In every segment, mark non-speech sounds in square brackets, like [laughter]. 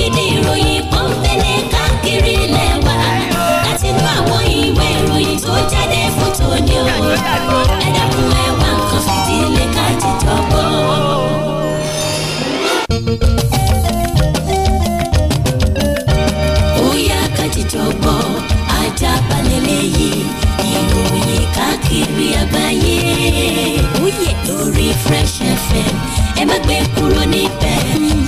ògidì ìròyìn kan ń fẹlẹ̀ káàkiri lẹ́wà láti inú àwọn ìwé ìròyìn tó jáde fún tòní o ẹ dákun ẹ wá nǹkan fìdílé ká jíjọ gbọ́. ó yá ká ajá balẹ̀ lẹ́yìn ìròyìn káàkiri àgbáyé oh lórí Fresh FM ẹ má gbé kúrò níbẹ̀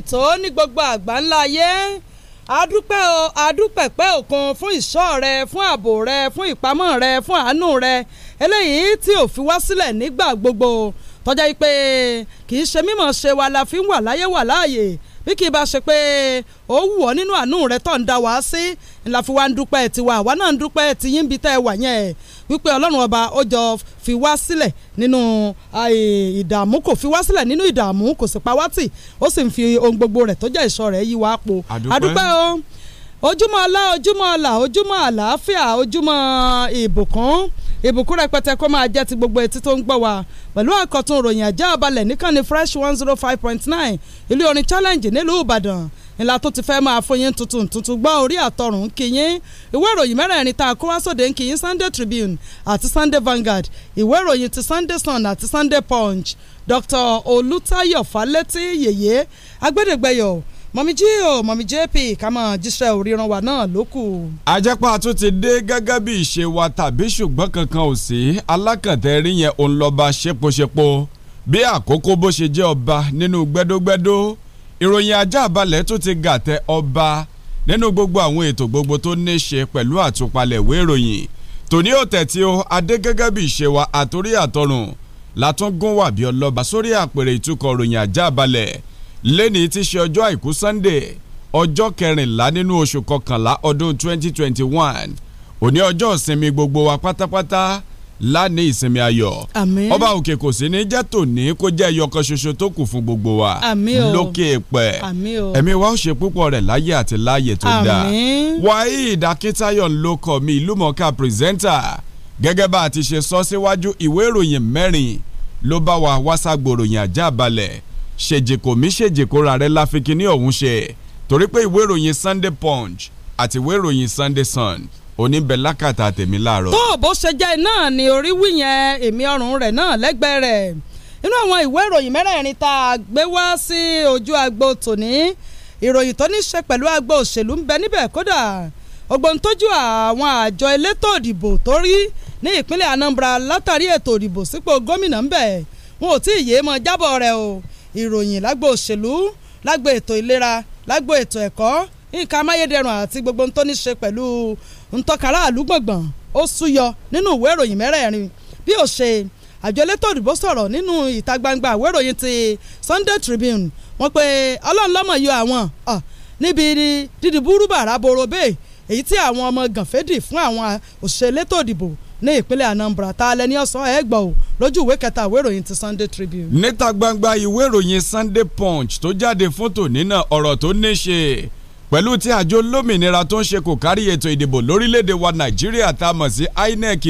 tó ní gbogbo àgbáńlá ayé adúpẹ́ o adúpẹ́ pẹ́ òkun fún ìṣọ́ rẹ fún ààbò rẹ fún ìpamọ́ rẹ fún àánú rẹ eléyìí tí ò fi wá sílẹ̀ nígbà gbogbo tọ́jà yìí pé kì í ṣe mímọ̀ ṣe wa la ń wà láyé wà láàyè bí kì í bá ṣe pé ó wù ọ́ nínú àánú rẹ̀ tó ń da wá sí ńlá fi wá ń dúpẹ́ tiwa àwa náà ń dúpẹ́ ti yín bí tẹ́ ẹ wà yẹn wípé ọlọ́run ọba ó jọ fi wá sílẹ̀ nínú ìdààmú kò fi wá sílẹ̀ nínú ìdààmú kò sì pa wá tì ó sì ń fi ohun gbogbo rẹ̀ tó jẹ́ ìṣọ́ rẹ̀ yí wá po àdúpẹ́ o ojúmọ́ ọlá ojúmọ́ ọlà ojúmọ́ àlàáfíà ojúmọ́ ìbùkún ìbùkún rẹpẹtẹ kó máa jẹ́ ti gbogbo etí tó ń gbọ́ wa pẹ̀lú àkọ́tún ìròyìn àjẹ́ àbálẹ̀ níkànnì fresh one zero five point nine ilé orin challenge nílùú ìbàdàn ńlá tó ti fẹ́ máa fún yín tuntun tuntun gbọ́ orí àtọrùn kíyín ìwé ìròyìn mẹ́rẹ̀ẹ̀rin tá a kó wá sóde ń kíyín Sunday Tribune àti Sunday Vanguard ìwé ìròyìn ti Sunday Sun àti Sunday Punch Dr. Olùtayọ̀ Fálétí yèyé agbẹ́dẹ̀gbẹ́yọ̀ mọ̀mí jí o mọ̀mí jp kámọ́ jíṣẹ́ òríran wa náà ló kù. àjẹpá tún ti dé gẹ́gẹ́ bí ìṣe wa tàbí ṣùgbọ́n kankan ò sí alákàntẹ́ rí yẹn òun lọ́ba ṣepoṣepo bí àkókò bó ṣe jẹ́ ọba nínú gbẹ́dógbẹ́dó ìròyìn ajá balẹ̀ tún ti gàtẹ ọba nínú gbogbo àwọn ètò gbogbo tó ní ṣe pẹ̀lú àtúpalẹ̀ ìwé ìròyìn tòní òtẹ̀ tí ó adé gẹ́gẹ́ bí ìṣe wa àtórí àtọrùn látún gún wà bí ọlọ́ba sórí àpèrè ìtúkọ̀ ìròyìn ajá balẹ̀ lẹ́ni tí ṣe ọjọ́ àìkú Sunday ọjọ́ kẹrìnlá nínú oṣù kọkànlá ọdún 2021 òní ọjọ́ ìsinmi gbogbo wa pátápátá láàní ìsinmi ayọ̀ àmín ọba òkè kò sí ní jẹ́ tòní kó jẹ́ ẹyọkan ṣoṣo tó kù fún gbogbo wa àmín o lókè pẹ̀ àmín o ẹ̀mí wa ó ṣe púpọ̀ rẹ̀ láyé àti láyé tó dáa àmín Waheed Akíntayọ̀ ló kọ mi ìlúmọ̀ọ́ká pírẹsẹ́ńtà gẹ́gẹ́ bá a ti ṣe sọ síwájú ìwé ìròyìn mẹ́rin ló bá wa wá ságbòròyìn ajá balẹ̀ ṣèjìkò mí ṣèjìkò ra rẹ láfikín ní ọ̀hún ṣe torí pé ìwé ìròyìn Sunday Punch àti ìwé ìròyìn Sunday Sun oníbẹ̀ lákàtà tèmi láàárọ̀. tó bó ṣe jẹ́ náà ni orí wí yẹn èmi ọrùn rẹ̀ náà lẹ́gbẹ̀ẹ́ rẹ̀ inú àwọn ìwé ìròyìn mẹ́rẹ̀ẹ̀rin tá a gbé wá sí ojú agbo tòní ìròyìn tó ní ṣe pẹ̀lú agbo òṣèlú ń bẹ níbẹ̀ kódà ògbóǹtójú àwọn àjọ elétò òdìbò tó rí ní ìpínlẹ̀ Anambra látàrí ètò òdìbò sípò gómìnà ń bẹ wọn ò tí ì yéé mọ jábọ̀ rẹ̀ o ìròyìn lágbo òṣèlú lágbo ètò ìlera lágbo ètò ẹ̀kọ́ nǹkan amáyédẹrùn àti gbogbo ohun tó ní ṣe pẹ̀lú ntọ́kara àlúgbọ̀ngbọ̀n ó súyọ nínú ìwé ìròyìn mẹ́rẹ̀ẹ̀rin bí ó ṣe àjọ elétò òdìbò sọ̀rọ̀ nínú ìta gbangba ìwé ìròyìn ti Sunday Tribune wọ́n pe ọlọ́run lọ́mọ yọ àwọn níbi dídìbúrú bàrà boro bẹ́ẹ̀ èyí tí àwọn ọmọ gànfẹ́dì fún àwọn òṣèlétò òdìbò ní ìpínlẹ̀ Anambra tá a lẹ ní ọ̀sán ẹ̀ gbọ́ o lójú ìwé kẹta ìwé ìròyìn ti Sunday Tribune. níta gbangba ìwé ìròyìn Sunday Punch tó jáde fún tòní náà ọ̀rọ̀ tó ní ṣe pẹ̀lú tí àjọ lómìnira tó ń ṣe kò kárí ètò ìdìbò lórílẹ̀‐èdè wa Nàìjíríà tá a mọ̀ sí INEC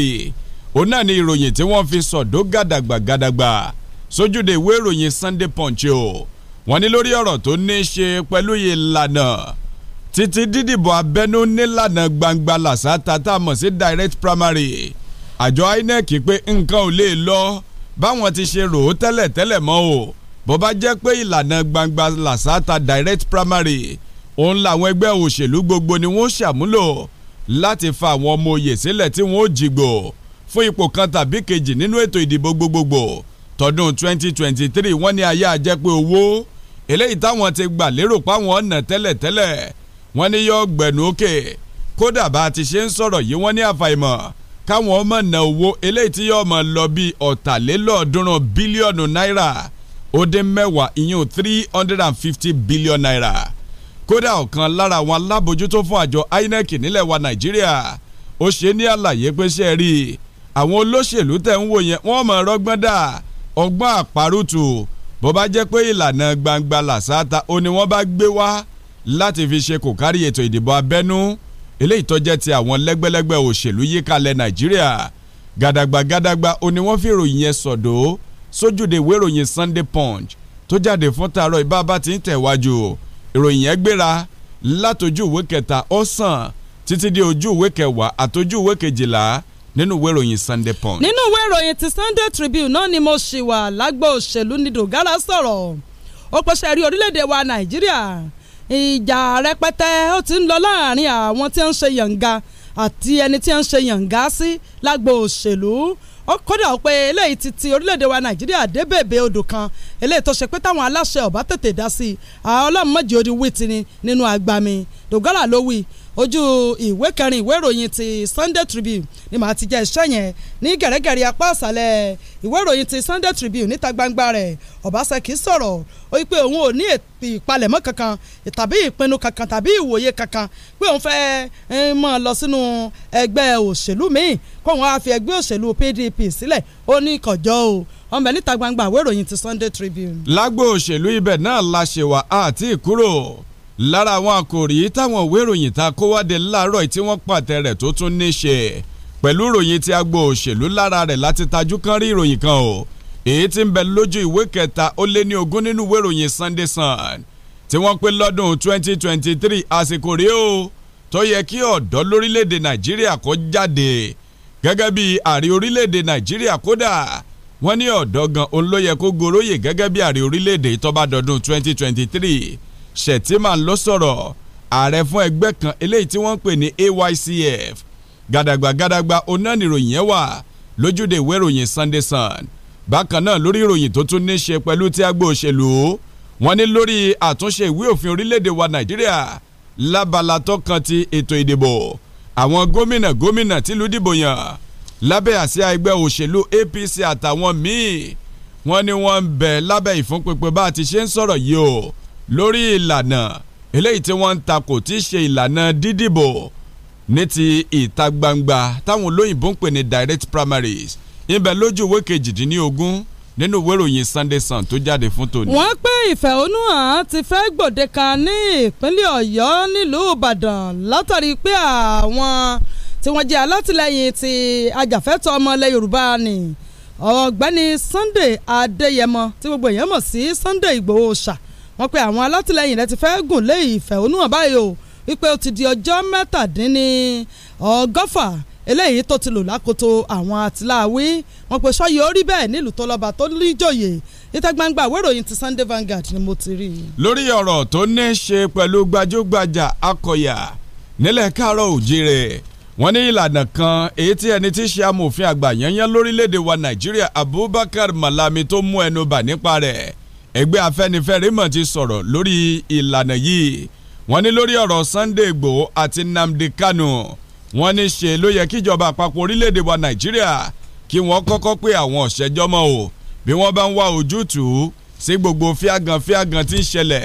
òun náà ni ìròyìn tí wọ́n fi sọ̀dọ̀ gàdàgbà gàdàgbà sójúde ìwé ìròyìn Sunday Punch o wọ́n ní lórí ọ̀rọ̀ tó ní ṣe pẹ̀lú ìlànà títí dídìbò abẹ́nú nílànà gbangba làṣà tata mọ̀ sí direct primary àjọ INEC pé nǹkan ò lè lọ báwọn ti ṣe rò ó tẹ́lẹ̀ tẹ́lẹ̀ mọ́ o bó bá jẹ́ pé ìlànà gbangba làṣà direct primary òun làwọn ẹgbẹ́ òṣèlú gbogbo ni wọ́n ṣàmúlò láti fa àwọn ọmọ òye sílẹ̀ tí wọ́n ó jìgbò fún ipò kan tàbí kejì nínú ètò ìdìbò gbogbogbò tọdún 2023 wọ́n ní ayé ajẹ́pẹ́ owó eléyìí táwọn ti gbà lérò páwọn ọ̀nà tẹ́lẹ̀tẹ́lẹ̀ wọ́n ní yọ gbẹ̀nú òkè kódà bá a ti ṣe ń sọ̀rọ̀ yìí wọ́n ní àfàìmọ̀ káwọn ọmọ ná owó eléyìí tí yọ mọ̀ lọ bíi ọ̀tàlélọ́ọ̀ọ́dúnrún bílíọ̀nù náírà ó dín mẹ́wàá ìyún three hundred and fifty billion naira kódà ọ̀kan lára àwọn alábòjútó fún àjọ INEC nílẹ̀ wa Nàìjíríà ó ṣe ní àlàyé pé ṣe rí àwọn olóṣèlú tẹ̀ ń wò yẹn wọ́n mọ̀ rọ́gbọ́n dà ọgbọ́n àparùtù bó bá jẹ́ pé ìlànà gbangba làṣáta ó ní wọ́n bá gbé wá láti fi ṣe kò kárí ètò ìdìbò abẹ́nú eléyìí tó jẹ́ ti àwọn lẹ́gbẹ́lẹ́gbẹ́ òṣèlú yíkalẹ̀ Nàìjíríà gàdàgbà gàdàgbà ó ní wọ́n fi ìròyìn yẹn sọ̀dọ̀ sójúde ìwé ìròyìn Sunday Punch tó jáde fún tààrọ̀ ìbábá ti ń tẹ̀wájú ìròyìn yẹn gbéra látọjú ìwé kẹta ọ̀sán títí di ojú ìwé kẹwàá àtọjú ìwé kejìlá nínú ìwé ìròyìn Sunday Punch. nínú ìwé ìròyìn ti Sunday Tribune náà ni mo ṣì wà lágbo òṣèlú ni sọ̀rọ̀ ó pèsè rí orílẹ̀-èdè wa Nàìjíríà ìjà rẹpẹtẹ ó ti ń lọ láàrin àwọn tí ń ṣe yànga àti ẹni tí ń ṣe yànga sí lágbo òṣèlú ó kódà pé eléyìí ti ti orílẹ̀-èdè wa nàìjíríà dé bèbè odò kan eléyìí tó ṣe pé táwọn aláṣẹ ọ̀bá tètè dá sí i àwọn ọlọ́run odi wí ti ni nínú agbami dògọ́là ló wí ojú ìwé kẹrin ìwé ìròyìn ti Sunday Tribune ni màá ti jẹ́ iṣẹ́ yẹn ní gẹ̀rẹ́gẹ̀rẹ́ apá àṣálẹ̀ ìwé ìròyìn ti Sunday Tribune níta gbangba rẹ̀ Ọbaṣẹ́kì sọ̀rọ̀ ó yí pé òun ò ní ìpalẹ̀mọ́ kankan tàbí ìpinnu kankan tàbí ìwòye kankan pé òun fẹ́ mọ̀ lọ sínú ẹgbẹ́ òṣèlú míì kóun á fi ẹgbẹ́ òṣèlú PDP sílẹ̀ ó ní kọjọ́ o ọmọ níta gbangba ìwé ìròyìn ti Sunday Tribune. lágbo òṣèlú ibẹ̀ náà la ṣèwà àti ìkúrò lára àwọn àkòrí táwọn òwe ìròyìn ta kó wá dé láàárọ̀ tí wọ́n pàtẹ rẹ̀ tó tún ní ṣe pẹ̀lú ìròyìn tí agbo òṣèlú lára rẹ̀ láti tajú kan rí ìròyìn kan o èyí tí ń bẹ lójú ìwé kẹta ó lé ní ogún nínú ìwé ìròyìn Sunday Sun tí wọ́n pé lọ́dún 2023 àsìkò rèé o tó yẹ kí ọ̀dọ́ lórílẹ̀‐èdè Nàìjíríà kó jáde gẹ́gẹ́ bí ààrẹ orílẹ̀‐èdè Nàìjíríà kódà wọ́n ní ọ̀dọ́ gan òun ló yẹ kó goróyè gẹ́gẹ́ bí ààrẹ orílẹ̀‐èdè tó bá dọdún 2023 Shettima ló sọ̀rọ̀ ààrẹ fún ẹgbẹ́ kan eléyìí tí wọ́n ń pè ní AYCF gàdàgbà gàdàgbà onánìròyìn yẹn wà lójúde ìwé ìròyìn Sunday Sun bákan náà lórí ìròyìn tó tún ní ṣe pẹ̀lú tí agbo òṣèlú wọ́n ní lórí àtúnṣe ìwé òfin orílẹ̀-èdè wa Nàìjíríà lábala tó kan ti ètò ìdìbò àwọn gómìnà gómìnà tìlú dìbò yàn lábẹ́ àsíá ẹgbẹ́ òṣèlú APC àtàwọn míì wọ́n ní wọ́n ń bẹ lábẹ́ ìfúnpinpin bá a ti ṣe ń sọ̀rọ̀ yìí o lórí ìlànà eléyìí tí wọ́n ń takò tí í ṣe ìlànà dídìbò ní ti ìta gbangba táwọn olóyìnbó ń pè ní direct primaries ibẹ̀ lójú ìwé kejìdínlógún nínú ìwé ìròyìn Sunday Sun tó jáde fún tòní. wọ́n pé ìfẹ̀hónúhàn ti fẹ́ gbòde kan ní ìpínlẹ̀ Ọ̀yọ́ nílùú Ìbàdàn látàrí pé àwọn tí wọ́n jẹ́ alátìlẹyìn ti ajàfẹ́tọ̀ ọmọ ilẹ̀ Yorùbá ni ọ̀gbẹ́ni Sunday Adéyẹmọ tí gbogbo èèyàn mọ̀ sí Sunday Ìgbòho ṣáà wọ́n pe àwọn alátìlẹyìn rẹ̀ ti fẹ́ gùn lé ìfẹ̀hónúhàn báyìí o wípé ó ti di ọjọ́ mẹ́tàdínní eléyìí tó ti lò lákòótó àwọn àtìláàwí wọ́n pe sọyìí ó rí bẹ́ẹ̀ nílùú tó lọ́ba tó níjòyè níta gbangba àwéròyìn ti Sunday Vanguard ni mo ti rí i. lórí ọ̀rọ̀ tó ní í ṣe pẹ̀lú gbajúgbajà akọ̀yà nílẹ̀ káàárọ̀ òjìrè wọ́n ní ìlànà kan èyí tí ẹni tí í ṣe amòfin àgbà yẹnyẹn lórílẹ̀‐èdè wa Nàìjíríà Abubakar Malami tó mú ẹnu bà nípa rẹ̀ ẹgbẹ́ afẹ́nifẹ́re mọ̀ ti sọ̀rọ̀ lórí ìlànà yìí wọ́n ní lórí ọ̀rọ̀ Sunday Igboho àti Nnamdi Kanu wọ́n ní ṣe ló yẹ kíjọba àpapọ̀ orílẹ̀-èdè wa Nàìjíríà kí wọ́n kọ́kọ́ pé àwọn ọ̀ṣẹ́jọ́mọ́ o bí wọ́n bá ń wá ojútùú sí gbogbo fíagàn fíagàn tí ń ṣẹlẹ̀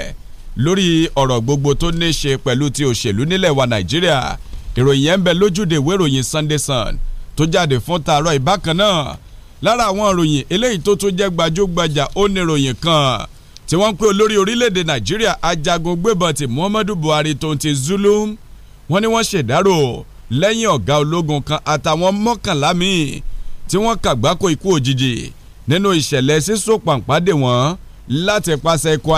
lórí ọ̀rọ̀ gbogbo tó ní ṣe pẹ̀lú ti òṣèlú nílẹ̀ wa Nàìjíríà ìròyìn yẹn ń bẹ lójúde ìwé ìròyìn Sunday Sun tó jáde fún tààrọ̀ ìbákan náà lára àwọn ìròyìn eléyìí tó tún jẹ́ gbajúgbajà ó ní ìròyìn kan tí wọ́n ń pè olórí orílẹ̀-èdè nàìjíríà ajagun gbébọn ti muhammadu buhari tó ń ti zulu wọ́n ní wọ́n ṣèdárò lẹ́yìn ọ̀gá ológun kan àtàwọn mọ́kànlá míì tí wọ́n kàgbákò ikú òjijì nínú ìṣẹ̀lẹ̀ sísọ pàǹpádé wọn láti pàṣẹ ikọ̀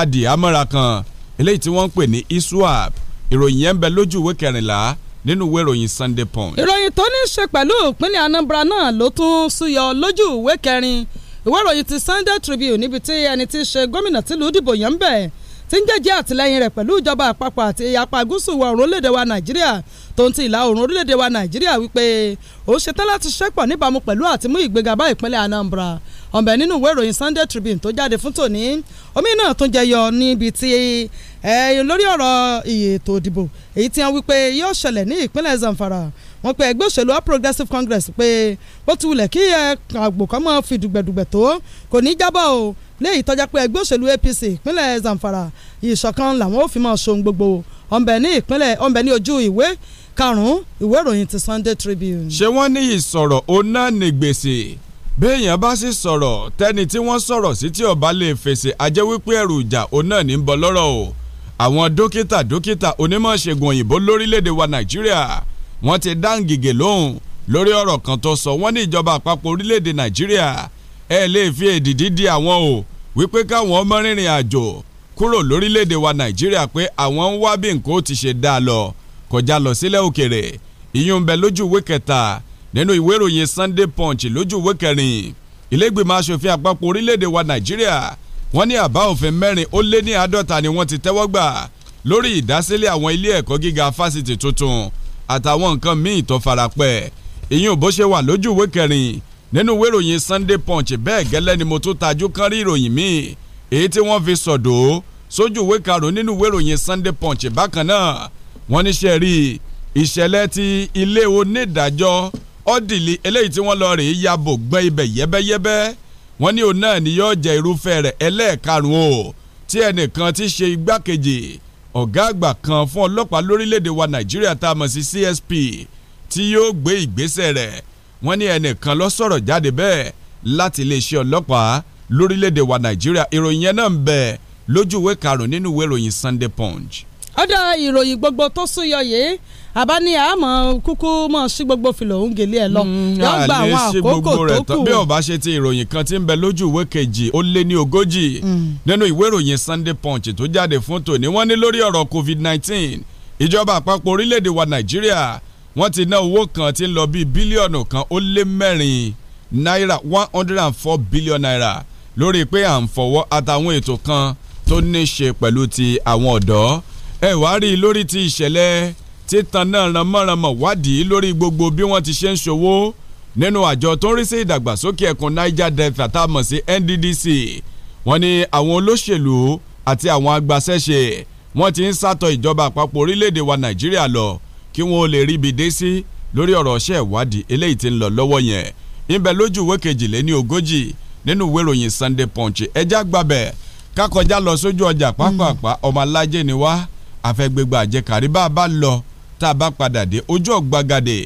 adìhámọ́ra kan eléyìí tí wọ́n ń pè ní iswap ìròyìn yẹn ń bẹ lójú ìwé kẹrìnlá nínú ìwé ìròyìn Sunday Punch. ìròyìn tó ní í ṣe pẹ̀lú ìpínlẹ̀ Anambra náà ló tún súyọ lójú ìwé kẹrin ìwé ìròyìn ti Sunday Tribune níbi tí ẹni tí í ṣe gómìnà tìlú ìdìbò yẹn ń bẹ̀ tí ń jẹ́jẹ́ àtìlẹ́yìn rẹ̀ pẹ̀lú ìjọba àpapọ̀ àti apá gúúsù ìwọ̀ oòrùn orílẹ̀-èdè wa Nàìjíríà tó ń ti ìlà oòrùn orílẹ̀-èdè wa Nàìjíríà wípé ó ṣetán láti ṣẹ́pọ̀ níbàámu pẹ̀lú àtìmú ìgbéga bá ìpínlẹ̀ Anambra ọ̀nbẹ nínú ìwé ìròyìn Sunday Tribune tó jáde fún tòní omi náà tún jẹyọ níbi tí lórí ọ̀rọ̀ ètò ìdìbò èyí tí wọ́n wí pé yóò ṣẹlẹ̀ ní ìpínlẹ̀ Zamfara wọ́n pe ẹgbẹ́ òṣèlú All Progressive Congress pé bó ti wulẹ̀ kí àgbò kan máa fi dùgbẹ̀dùgbẹ̀ tó kò ní jábọ̀ o léyìí tọ́já pé ẹgbẹ́ òṣèlú APC ìpínlẹ̀ Zamfara ìṣọ̀kan làwọn ò fi máa ṣohun gbogbo ọ̀nbẹ ní ìpínlẹ̀ ọ̀nbẹ ní ojú ìwé karùn-ún ìwé ìròyìn ti Sunday Tribune. ṣé wọ́n ní ìsọ̀rọ̀ ọ̀nà ní gbèsè béèyàn bá sì sọ̀rọ̀ tẹ́ni tí wọ́n sọ̀rọ̀ sí tí ọba lè fèsì ajẹ́ wípé ẹrù ìjà òun náà ní bọ́ lọ́rọ̀ o àwọn dókítà dókítà onímọ̀ ṣègùn òyìnbó lórílẹ̀‐èdè wa nàìjíríà wọ́n ti dáǹgìgè lóhùn lórí ọ̀rọ̀ kan tó sọ wọ́n ní ìjọba àpapọ̀ orílẹ̀‐èdè nàìjíríà ẹ lè fi èdìdí di àwọn o wípé káwọn ọmọ rìnrìn àjò kúrò lórílẹ̀‐èdè wa nàìjíríà pé àwọn ń wá bí nǹkan ó ti ṣe dáa lọ kọjá lọ sílẹ̀ òkèrè ìyún bẹ lójú ìwé kẹta nínú ìwé ìròyìn Sunday Punch lójú ìwé kẹrin ìlẹ́gbẹ̀mọ aṣòfin àpapọ̀ orílẹ̀-èdè wa Nàìjíríà wọ́n ní àbá òfin mẹ́rin ó lé ní àádọ́ta ni wọ́n ti tẹ́wọ́ gbà lórí ìdásílẹ̀ àwọn ilé ẹ̀kọ́ gíga fásitì tuntun àtàwọn nǹkan míì tó farapẹ́ ìyẹn bó ṣe wà lójú ìwé kẹrin nínú ìwé ìròyìn Sunday Punch bẹ́ẹ̀ gẹ́lẹ́ ni mo tún tajú kán rí ìròyìn míì èyí tí wọ́n fi sọ̀dọ̀ sójú ìwé karùn-ún nínú ìwé ìròyìn Sunday Punch bákan náà wọ́n níṣẹ́ rí ìṣẹ̀lẹ̀ ti ilé onídàájọ́ ọ́dìlì eléyìí tí wọ́n lọ rèé ya bò gbẹ́ ibẹ̀ yẹ́bẹ́yẹ́bẹ́ wọ́n ní òun náà ni yóò jẹ́ irúfẹ́ rẹ̀ ẹlẹ́ẹ̀karùn-ún o tí ẹnìkan ti ṣe igbákejì ọ̀gá àgbà kan fún ọlọ́pàá lórílẹ̀‐èdè wa Nàìjíríà tá a mọ̀ sí CSP tí yóò gbé ìgbésẹ̀ rẹ̀ wọ́n ní ẹnìkan lọ sọ̀rọ̀ jáde bẹ́ẹ̀ láti iléeṣẹ́ ọlọ́pàá lórílẹ̀‐èdè wa Nàìjíríà ìròyìn yẹn náà ń bẹ lójú ìwé karùn-ún nínú ìwé ìròyìn Sunday Punch. ọ̀dọ̀ ìròyìn gbogbo tó súyọ yìí àbá ní àmọ́ kúkú mọ̀ sí gbogbo fìlà òun gèlè ẹ̀ lọ mm, yóò gba àwọn àkókò tó kù. bí ọba ṣe ti ìròyìn kan ti ń bẹ lójú ìwé kejì ó lé ní ogójì mm. nínú ìwé ìròyìn Sunday Punch tó jáde fún tòní wọ́n ní lórí ọ̀rọ̀ COVID-19 ìjọba àpapọ̀ orílẹ̀-èdè wa Nàìjíríà wọ́n ti ná owó kan tí ń lọ bíi bílíọ̀nù kan ó lé mẹ́rin náírà one hundred and four billion naira lórí pé à ń fọwọ́ àtàwọn ètò kan tó ní ṣe pẹ̀lú ti àwọn ọ̀dọ́ ẹ wá rí i lórí ti ìṣẹ̀lẹ̀ títan náà ránmọ́ránmọ́ wádìí lórí gbogbo bí wọ́n ti ṣe ń ṣòwò nínú àjọ tó ń rí sí ìdàgbàsókè ẹkùn Niger Delta tá a mọ̀ sí NDDC wọ́n ní àwọn olóṣèlú àti àwọn agbaṣẹ́ṣe wọ́n ti ń sátọ ìjọba àpapọ̀ orílẹ̀-èdè wa Nàìjíríà lọ kí wọ́n ó lè ríbi dé sí lórí ọ̀rọ̀ ọ̀ṣẹ́ ìwádìí eléyìí ti ń lọ lọ́wọ́ yẹn ibẹ̀ lójú ìwé kejìléní ogójì nínú ìwé ìròyìn Sunday Punch ẹjá gbàbẹ̀ kákọjá lọ sójú ọjà pápápá ọmọ alájẹ ni wá àfẹgbẹgbà àjẹkárí bá a bá lọ tá a bá padà dé ojú ọ̀gbagadè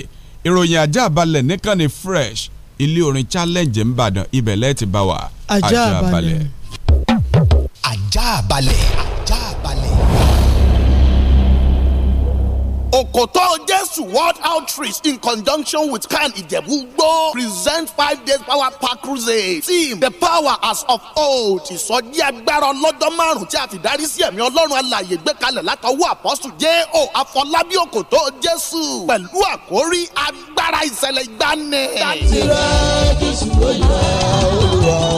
ìròyìn ajá balẹ̀ nìkan ni fresh ilé orin challenge ńbàdàn ibẹ̀ lẹ́ẹ̀ ti bá wa ajá balẹ̀. ajá balẹ̀ ajá balẹ̀. òkòtó Grace World Outreach in conjunction with Can Ijebugbo present five days power pack crusade. Team the power as of old. Ìsọjí agbára ọlọ́dọ́ márùn-ún tí a fi darí sí ẹ̀mí Ọlọ́run alàyè gbé kalẹ̀ látọwọ́ àpọ́sù J.O. Afọlábí Òkòtó Jésù pẹ̀lú àkórí agbára ìṣẹ̀lẹ̀ ìgbani. Láti rẹ̀ Jésù ló yẹ Olúwa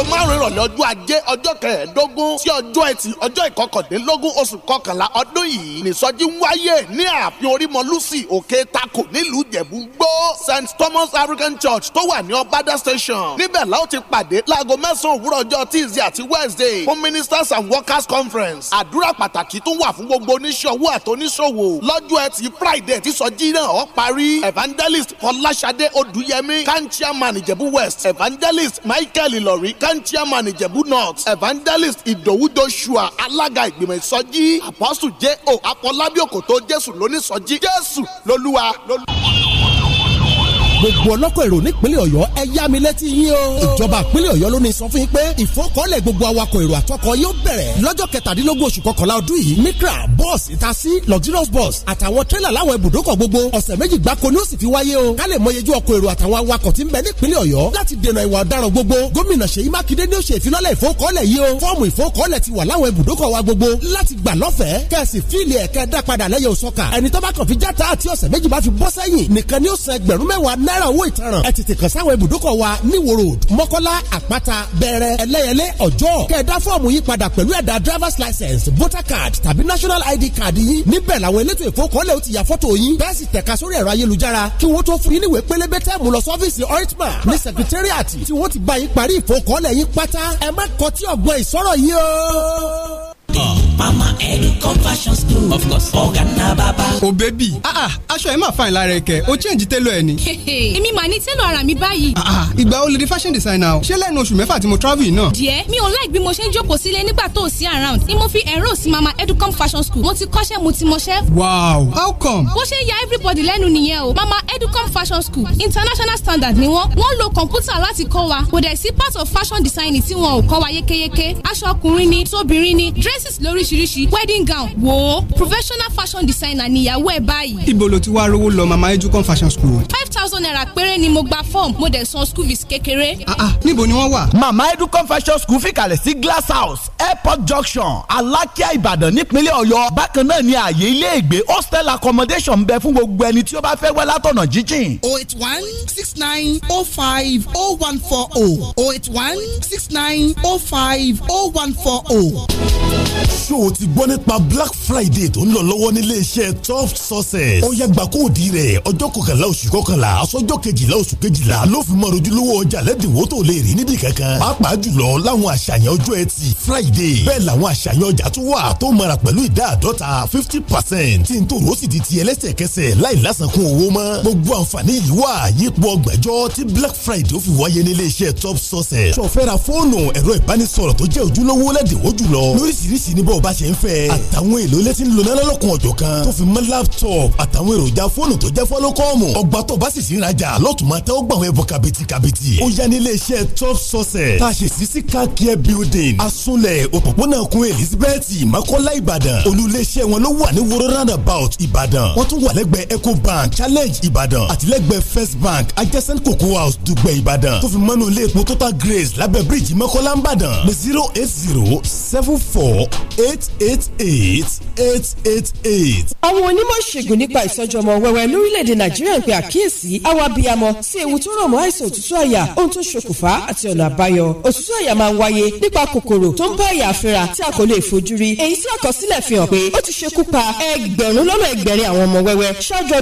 aago márùn ìrọ̀lẹ́ ọjọ́ ajé ọjọ́ kẹẹ̀ẹ́dógún sí ọjọ́ ẹtì ọjọ́ ìkọkàndínlógún oṣù kọkànlá ọdún yìí nìsọjí wáyé ní ààfin orímọlúsì òkè tako nílùú jẹ̀bú-gbó st thomas african church tó wà ní ọbádà station níbẹ̀ la ó ti pàdé láago mẹ́sàn-án òwúrọ̀ ọjọ́ tuesday àti wednesday fún ministers and workers conference àdúrà pàtàkì tún wà fún gbogbo oníṣẹ́ owó àtòníṣòwò lọ́jọ́ ẹtì friday tí sọjí náà ó parí evangelist fọláṣadé odúyẹmí kan chairman ìjẹ̀bú west evangelist michael ìlọ̀rí kan ten manager, ìjẹ̀bú north evangelist ìdòwú joshua alága ìgbìmọ̀ ìsọjí apostle j o apọ̀lábíòkòtó jésù lónìsọjí jésù lolúwa. lolúwa gbogbo ọlọ́kọ̀ èrò nípínlẹ̀ ọ̀yọ́ ẹ yá mi létí yín o. ìjọba ìpínlẹ̀ ọ̀yọ́ ló ní sọ fún yín pé ìfọkànlẹ̀ gbogbo awakọ̀ èrò àtọkọ̀ yóò bẹ̀rẹ̀ lọ́jọ́ kẹtàdínlógún oṣù kọkànlá ọdún yìí micra bus itasi luxurious bus àtàwọn trailer láwọn ibùdókọ̀ gbogbo ọ̀sẹ̀ méjì gbáko ni ó sì fi wáyé o ká lè mọyejú ọkọ̀ èrò àtàwọn awakọ̀ tí ń bẹ nípínlẹ̀ ọ̀yọ́ láti dènà ìwà ọ̀daràn gbogbo gómìnà ṣèyí mákindé ni ó ṣe ìfilọ́lẹ̀ ìfowókọ́lẹ̀ yìí o fọ́ọ̀mù ìfowókọ́lẹ̀ ti wà láwọn ibùdókọ̀ wa gbogbo láti gbà lọ́fẹ̀ẹ́ kẹ́sì fíìlì ẹ̀kẹ́ dá náírà owó ìtanràn ẹ tètè kàn sáwọn ibùdókọ̀ wa níwò road mọ́kọ́lá àpáta bẹ̀rẹ̀ ẹlẹ́yẹlé ọjọ́ kẹ̀dá fọ́ọ̀mù yìí padà pẹ̀lú ẹ̀dà driver's license voter card tàbí national id card yín níbẹ̀ làwọn elétò ìfowópamọ́lẹ̀ ó ti yà fọ́tò yín bẹ́ẹ̀ sì tẹ̀ka sórí ẹ̀rọ ayélujára kí wọ́n tó fún yín níwèé pélébé tẹ́ẹ̀mù lọ sọ́fíìsì oritma ní secretariat tí wọ́n ti bá yín parí ìfowópamọ́lẹ̀ yín pátá ẹ má kọtí ọ̀gbọ́n ìsọ̀rọ̀ yìí o mama educom fashion school. of course. ọ̀gá ná bàbá. o oh, bẹ́bí ah, ah, aṣọ ẹ̀ máa fa ìlà rẹ̀ kẹ̀ o change tẹ́lọ̀ ẹ̀ ni. èmi mà ní tẹ́lọ̀ ara mi báyìí. Ah, ìgbà o lè di fashion designer o ṣé lẹ́nu oṣù mẹ́fà tí mo travel yìí náà. díẹ̀ mi ò like bí mo ṣe ń jókòó sílé nígbà tó o sí around ni mo fi ẹ̀rọ sí mama educom fashion school mo ti kọ́ṣẹ́ mo ti mọṣẹ́. wow how come. bó ṣe ya everybody lẹ́nu nìyẹn o mama educom fashion school international standard ni wọ́n wọ́n lo kọ̀ǹpútà láti kọ́ wa kò dẹ̀ sí part of fashion design tí wọn ò kọ́ wa yékéyéké aṣọ ọkùnrin ni tóbìnrin ni dresses lóríṣ lóríṣiríṣi wedding gown wo professional fashion designer níyàwó ẹ̀ báyìí. ibo ló ti wá rówó lọ mama educon fashion school. five thousand naira péré ni mo gba form mo dẹ̀ san school fees kékeré. ah ah níbo ni wọ́n wà. mama educon fashion school fìkàlẹ̀ sí glass house airport junction alákíá ìbàdàn nípínlẹ̀ ọ̀yọ́ bákan náà ni ààyè ilé ìgbé hostel accommodation ń bẹ fún gbogbo ẹni tí ó bá fẹ́ wẹ́ látọ̀nà jíjìn. o oh eight one six nine o oh five o oh one four o o eight one six nine o five o one four o o ti gbọ́ nípa black friday tó ń lọ lọ́wọ́ nílé iṣẹ́ top success. ó yàgbà kó di rẹ̀ ọjọ́ kọkànlá oṣù kọkànlá aṣọ́jọ́ kejìlá oṣù kejìlá ló fi máa rojúlówó ọjà lẹ́dínwó tó lè rí nídìí kankan. pàápàá jùlọ láwọn àṣàyàn ọjọ́ ẹtì friday bẹ́ẹ̀ làwọn àṣàyàn ọjà tó wà tó mara pẹ̀lú ìdá àdọ́ta fifty percent tí n tó rò sì di ti ẹlẹ́sẹ̀kẹsẹ̀ láì lásàkún owó mọ́. gbogbo àǹfààní yìí wà yípo ọgbàjọ́ tí black friday ó fi wáyé nílé iṣẹ́ top success. sọfẹ́ra fóònù ẹ̀rọ ìbánisọ̀rọ̀ tó jẹ́ ojúlówó lẹ́dínwó jùlọ lóríṣiríṣi ní bọ́ọ̀ bá bá ṣe ń fẹ́. àtàwọn èlò ilé ń lo náírà lọ́kùn ọ̀jọ̀ kan tó fi mọ́ laptop àtàwọn èròjà fóònù tó jẹ́ fọ́lọ́kọ́ọ̀mù ọgbà tó bá sì sí ìrajà lọ́tùmọ̀ tẹ́ ó gbà wọ́n ẹbọ kàbìtì kàbìtì. ó yá ní iléeṣẹ́ top sources tá a ṣe building asunlẹ̀ òpópónà kun elizabeth makola ìbàdàn olú iléeṣẹ́ wọn ló wà ní woro roundabout ìbàdàn wọ́n tún wà lẹ́gbẹ̀ẹ́ ecobank challenge ìbàdàn àtìlẹ́gbẹ̀ẹ́ first bank adjacent cocoa house dùgbẹ̀ ìbàdàn tó fi mọ́nú ilé epo total grace lábẹ́ bíríìjì makola ìbàdàn zero eight zero seven four eight eight eight eight eight eight eight. àwọn onímọ̀ ìṣègùn nípa ìsọjọmọ wẹ́wẹ́ lórílẹ̀‐èdè nàìjíríà ń pe àkíyèsí àwọn abiyamọ sí ewu tó rọ̀ mọ́ àìsàn òtútù àyà ohun tó ṣokùnfà àti ọ̀nà àbáyọ òtútù àyà máa ń wáyé nípa kòkòrò tó ń bá àyà fínra tí a kò lè fojú rí èyí tí àkọsílẹ̀ fi hàn pé ó ti ṣekú pa ẹgbẹ̀rún lọ́nà ẹgbẹ̀rin àwọn ọmọ wẹ́wẹ́ ṣáájú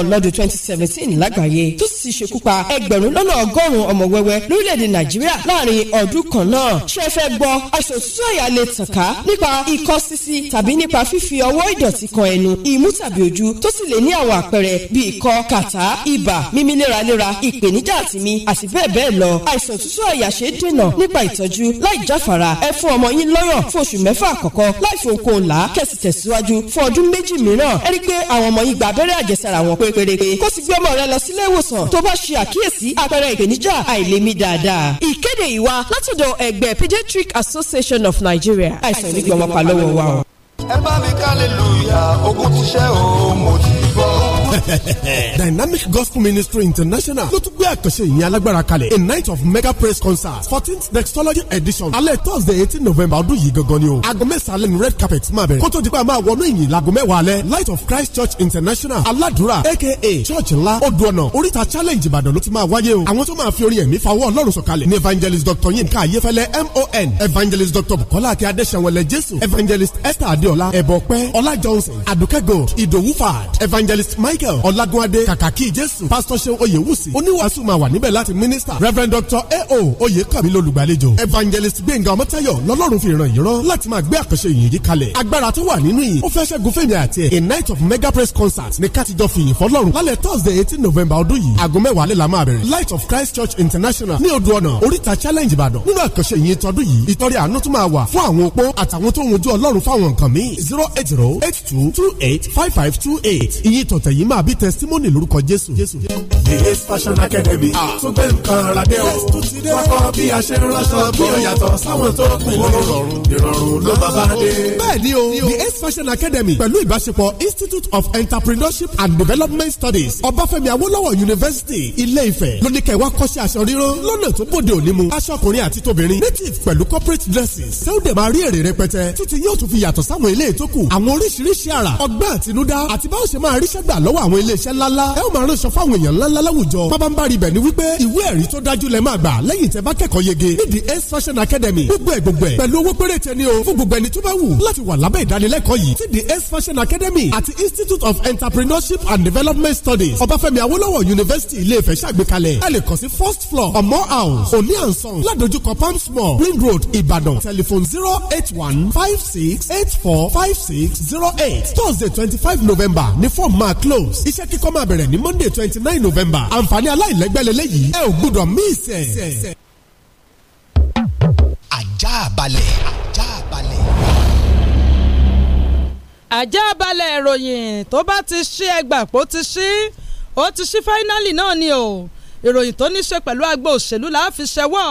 ọdún twenty seventeen lágbàáyé tó sì pa ẹgbẹ̀rún lọ́nà ọgọ́rùn-ún ọmọ wẹ́wẹ́ lórílẹ̀‐èdè nàìjíríà láàrin ọdún kan náà ṣe fẹ́ gbọ́ àìsàn òtútù àyà nípa ìkọsísí tàbí nípa fífi ọwọ́ ìdọ̀tí kan ẹnu ìmú tàbí ojú tó sì lè ní àwọn àpẹẹrẹ bíi ikọ́ kàtá ibà mímí léraléra ìpèníjà àtìmí àti bẹ́ẹ̀ bẹ́ẹ̀ lọ àìsàn òtútù àyà ṣe é dènà nípa ìtọ́jú láì jáfara ẹ fún ọmọ yín lọ́yàn fún oṣù mẹ́fà àkọ́kọ́ láì fi ohunkóhun là á kẹ̀sì tẹ̀síwájú fún ọdún méjì mìíràn ẹ rí i pé àwọn ọmọ yín gba abẹ́rẹ́ àjẹsára wọn pérépéré kó sì gbé ọmọ rẹ lọ sílé ìwòsàn tó bá ṣe àkíyèsí àpẹẹrẹ ìpèníjà àìlèmí dáadáa ìkéde ìwà látọ̀dọ̀ Pediatric Association of Nigeria àìsàn ẹni gbọmọ pa wa o. ẹ bá mi ká lè lùyà ogun ti o mo ti bọ́. [laughs] Dynamic Gospel Ministry International ló tún gbé àkànṣe ìyẹn alágbára kalẹ̀ a night of mega praise concert fourteenth Dextology edition alẹ́ Thursday eighteen November ọdún yìí gangan ni o aago mẹ́sàn-án lẹ́nu red carpet máa bẹ̀rẹ̀ kótó dípẹ́ a máa wọnú ìyìn laago mẹ́wàá alẹ́ Light of Christ Church International aládùúrà aka church ńlá odò ọ̀nà oríta challenge Ìbàdàn ló ti máa wáyé o àwọn tó máa fi orin ẹ̀mí fawọ́ Ọlọ́run sọ̀kalẹ̀ ni evangelist Dr. Yinka Ayefẹ́lẹ́ MON evangelist Dr. Bukola Akẹ́ Adéṣẹ́wọlẹ̀ Jésù evangelist Esther Adéọlá ẹ̀bọ̀pẹ́ Ọlá Johnson Adùkẹ́ Gold evangelist Mike michael ọlágúnadé kàkàkí jésù pásítọ̀ ṣeun oyèwùsì oníwàásù máa wà níbẹ̀ láti mínísítà reverend dr ao oyèkànmí lolùgbàlejò evangelist gbẹ̀ngà ọmọ́táyọ̀ lọ́lọ́run fi ìran yìí rán láti máa gbé àkànṣe ìyìn yìí kalẹ̀ agbára tó wà nínú yìí ó fẹ́ ṣẹ́gun fèmí àti ẹ̀ a night of mega Press concert ní kátijọ́ fi ìyìn fọlọ́run lálẹ́ thursday 18 november ọdún yìí aago mẹ́wàá light of christ church international ní odò ọ̀nà challenge ìbàdàn nínú àkànṣe ìyìn tọdún yìí ìtọ́rí àánú tún máa wà fún àwọn opó àtàwọn tó zero eight zero eight two two eight five five two eight ìyìn tọ̀tẹ̀ yìí ìmọ̀ àbí testimony lórúkọ Jésù. The Ace Fashion Academy tún ah. gbé nǹkan ara dé o wákọ́ bí a ṣe ń rọ́ṣọ bí ó yàtọ̀ sáwọn tó kù ìrọ̀rùn ìrọ̀rùn ló bá bá dé. bẹ́ẹ̀ni o The Ace Fashion Academy pẹ̀lú ìbáṣepọ̀ Institute of Entrepreneurship and Development Studies Ọbáfẹ́mi Awólọ́wọ̀ University Ilé-Ifẹ̀ lóníkẹ́ wa kọ́ṣẹ́ aṣọ ríro lọ́nà tó bòde òní mu aṣọkùnrin àti tóbìnrin native pẹ̀lú corporate dresses sẹ́wọ́dẹ̀ máa rí èrè rẹpẹtẹ títí yóò tún fi yàtọ̀ sáwọn ilé ìtókù àwọn oríṣiríṣi àrà ọgbẹ́ àtinúdá àti báwo ṣe máa ríṣẹ́ gbà lọ́wọ́ lọ́wọ́ àwọn iléeṣẹ́ ńláńlá ẹ ó máa ránṣọ fáwọn èèyàn ńláńlá láwùjọ pábánbárì bẹ̀ ni wípé ìwé ẹ̀rí tó dájú lẹ máa gbà lẹ́yìn tẹ́ bá kẹ́kọ̀ọ́ yege ní the ace fashion academy gbogbo ẹ̀ gbogbo ẹ̀ pẹ̀lú owó péréte ni o fún gbogbo ẹni tó bá wù láti wà lábẹ́ ìdánilẹ́kọ̀ọ́ yìí ti the ace fashion academy àti institute of entrepreneurship and development studies ọbáfẹ́mi Awolowo university ilé-ifẹ̀ ṣàgbékalẹ̀ ẹ lè kàn sí first floor ọmọ house òní ànsán ládojúkọ palms mall green road ìbàdàn telephone zero eight one five six eight four five six zero eight thursday twenty five november ní form máa close schools iṣẹ́ kíkọ́ máa bẹ̀rẹ̀ ní monday twenty nine november àǹfààní aláìlẹ́gbẹ́lẹ́lẹ́ yìí ẹ ò gbúdọ̀ miss ẹ̀. ajá balẹ̀ ajá balẹ̀. ajá balẹ̀ ìròyìn tó bá ti ṣí ẹgbàá pó ti ṣí ó ti ṣí fáínálì náà ni o ìròyìn tó ní ṣe pẹ̀lú agbo òṣèlú là á fi ṣẹwọ́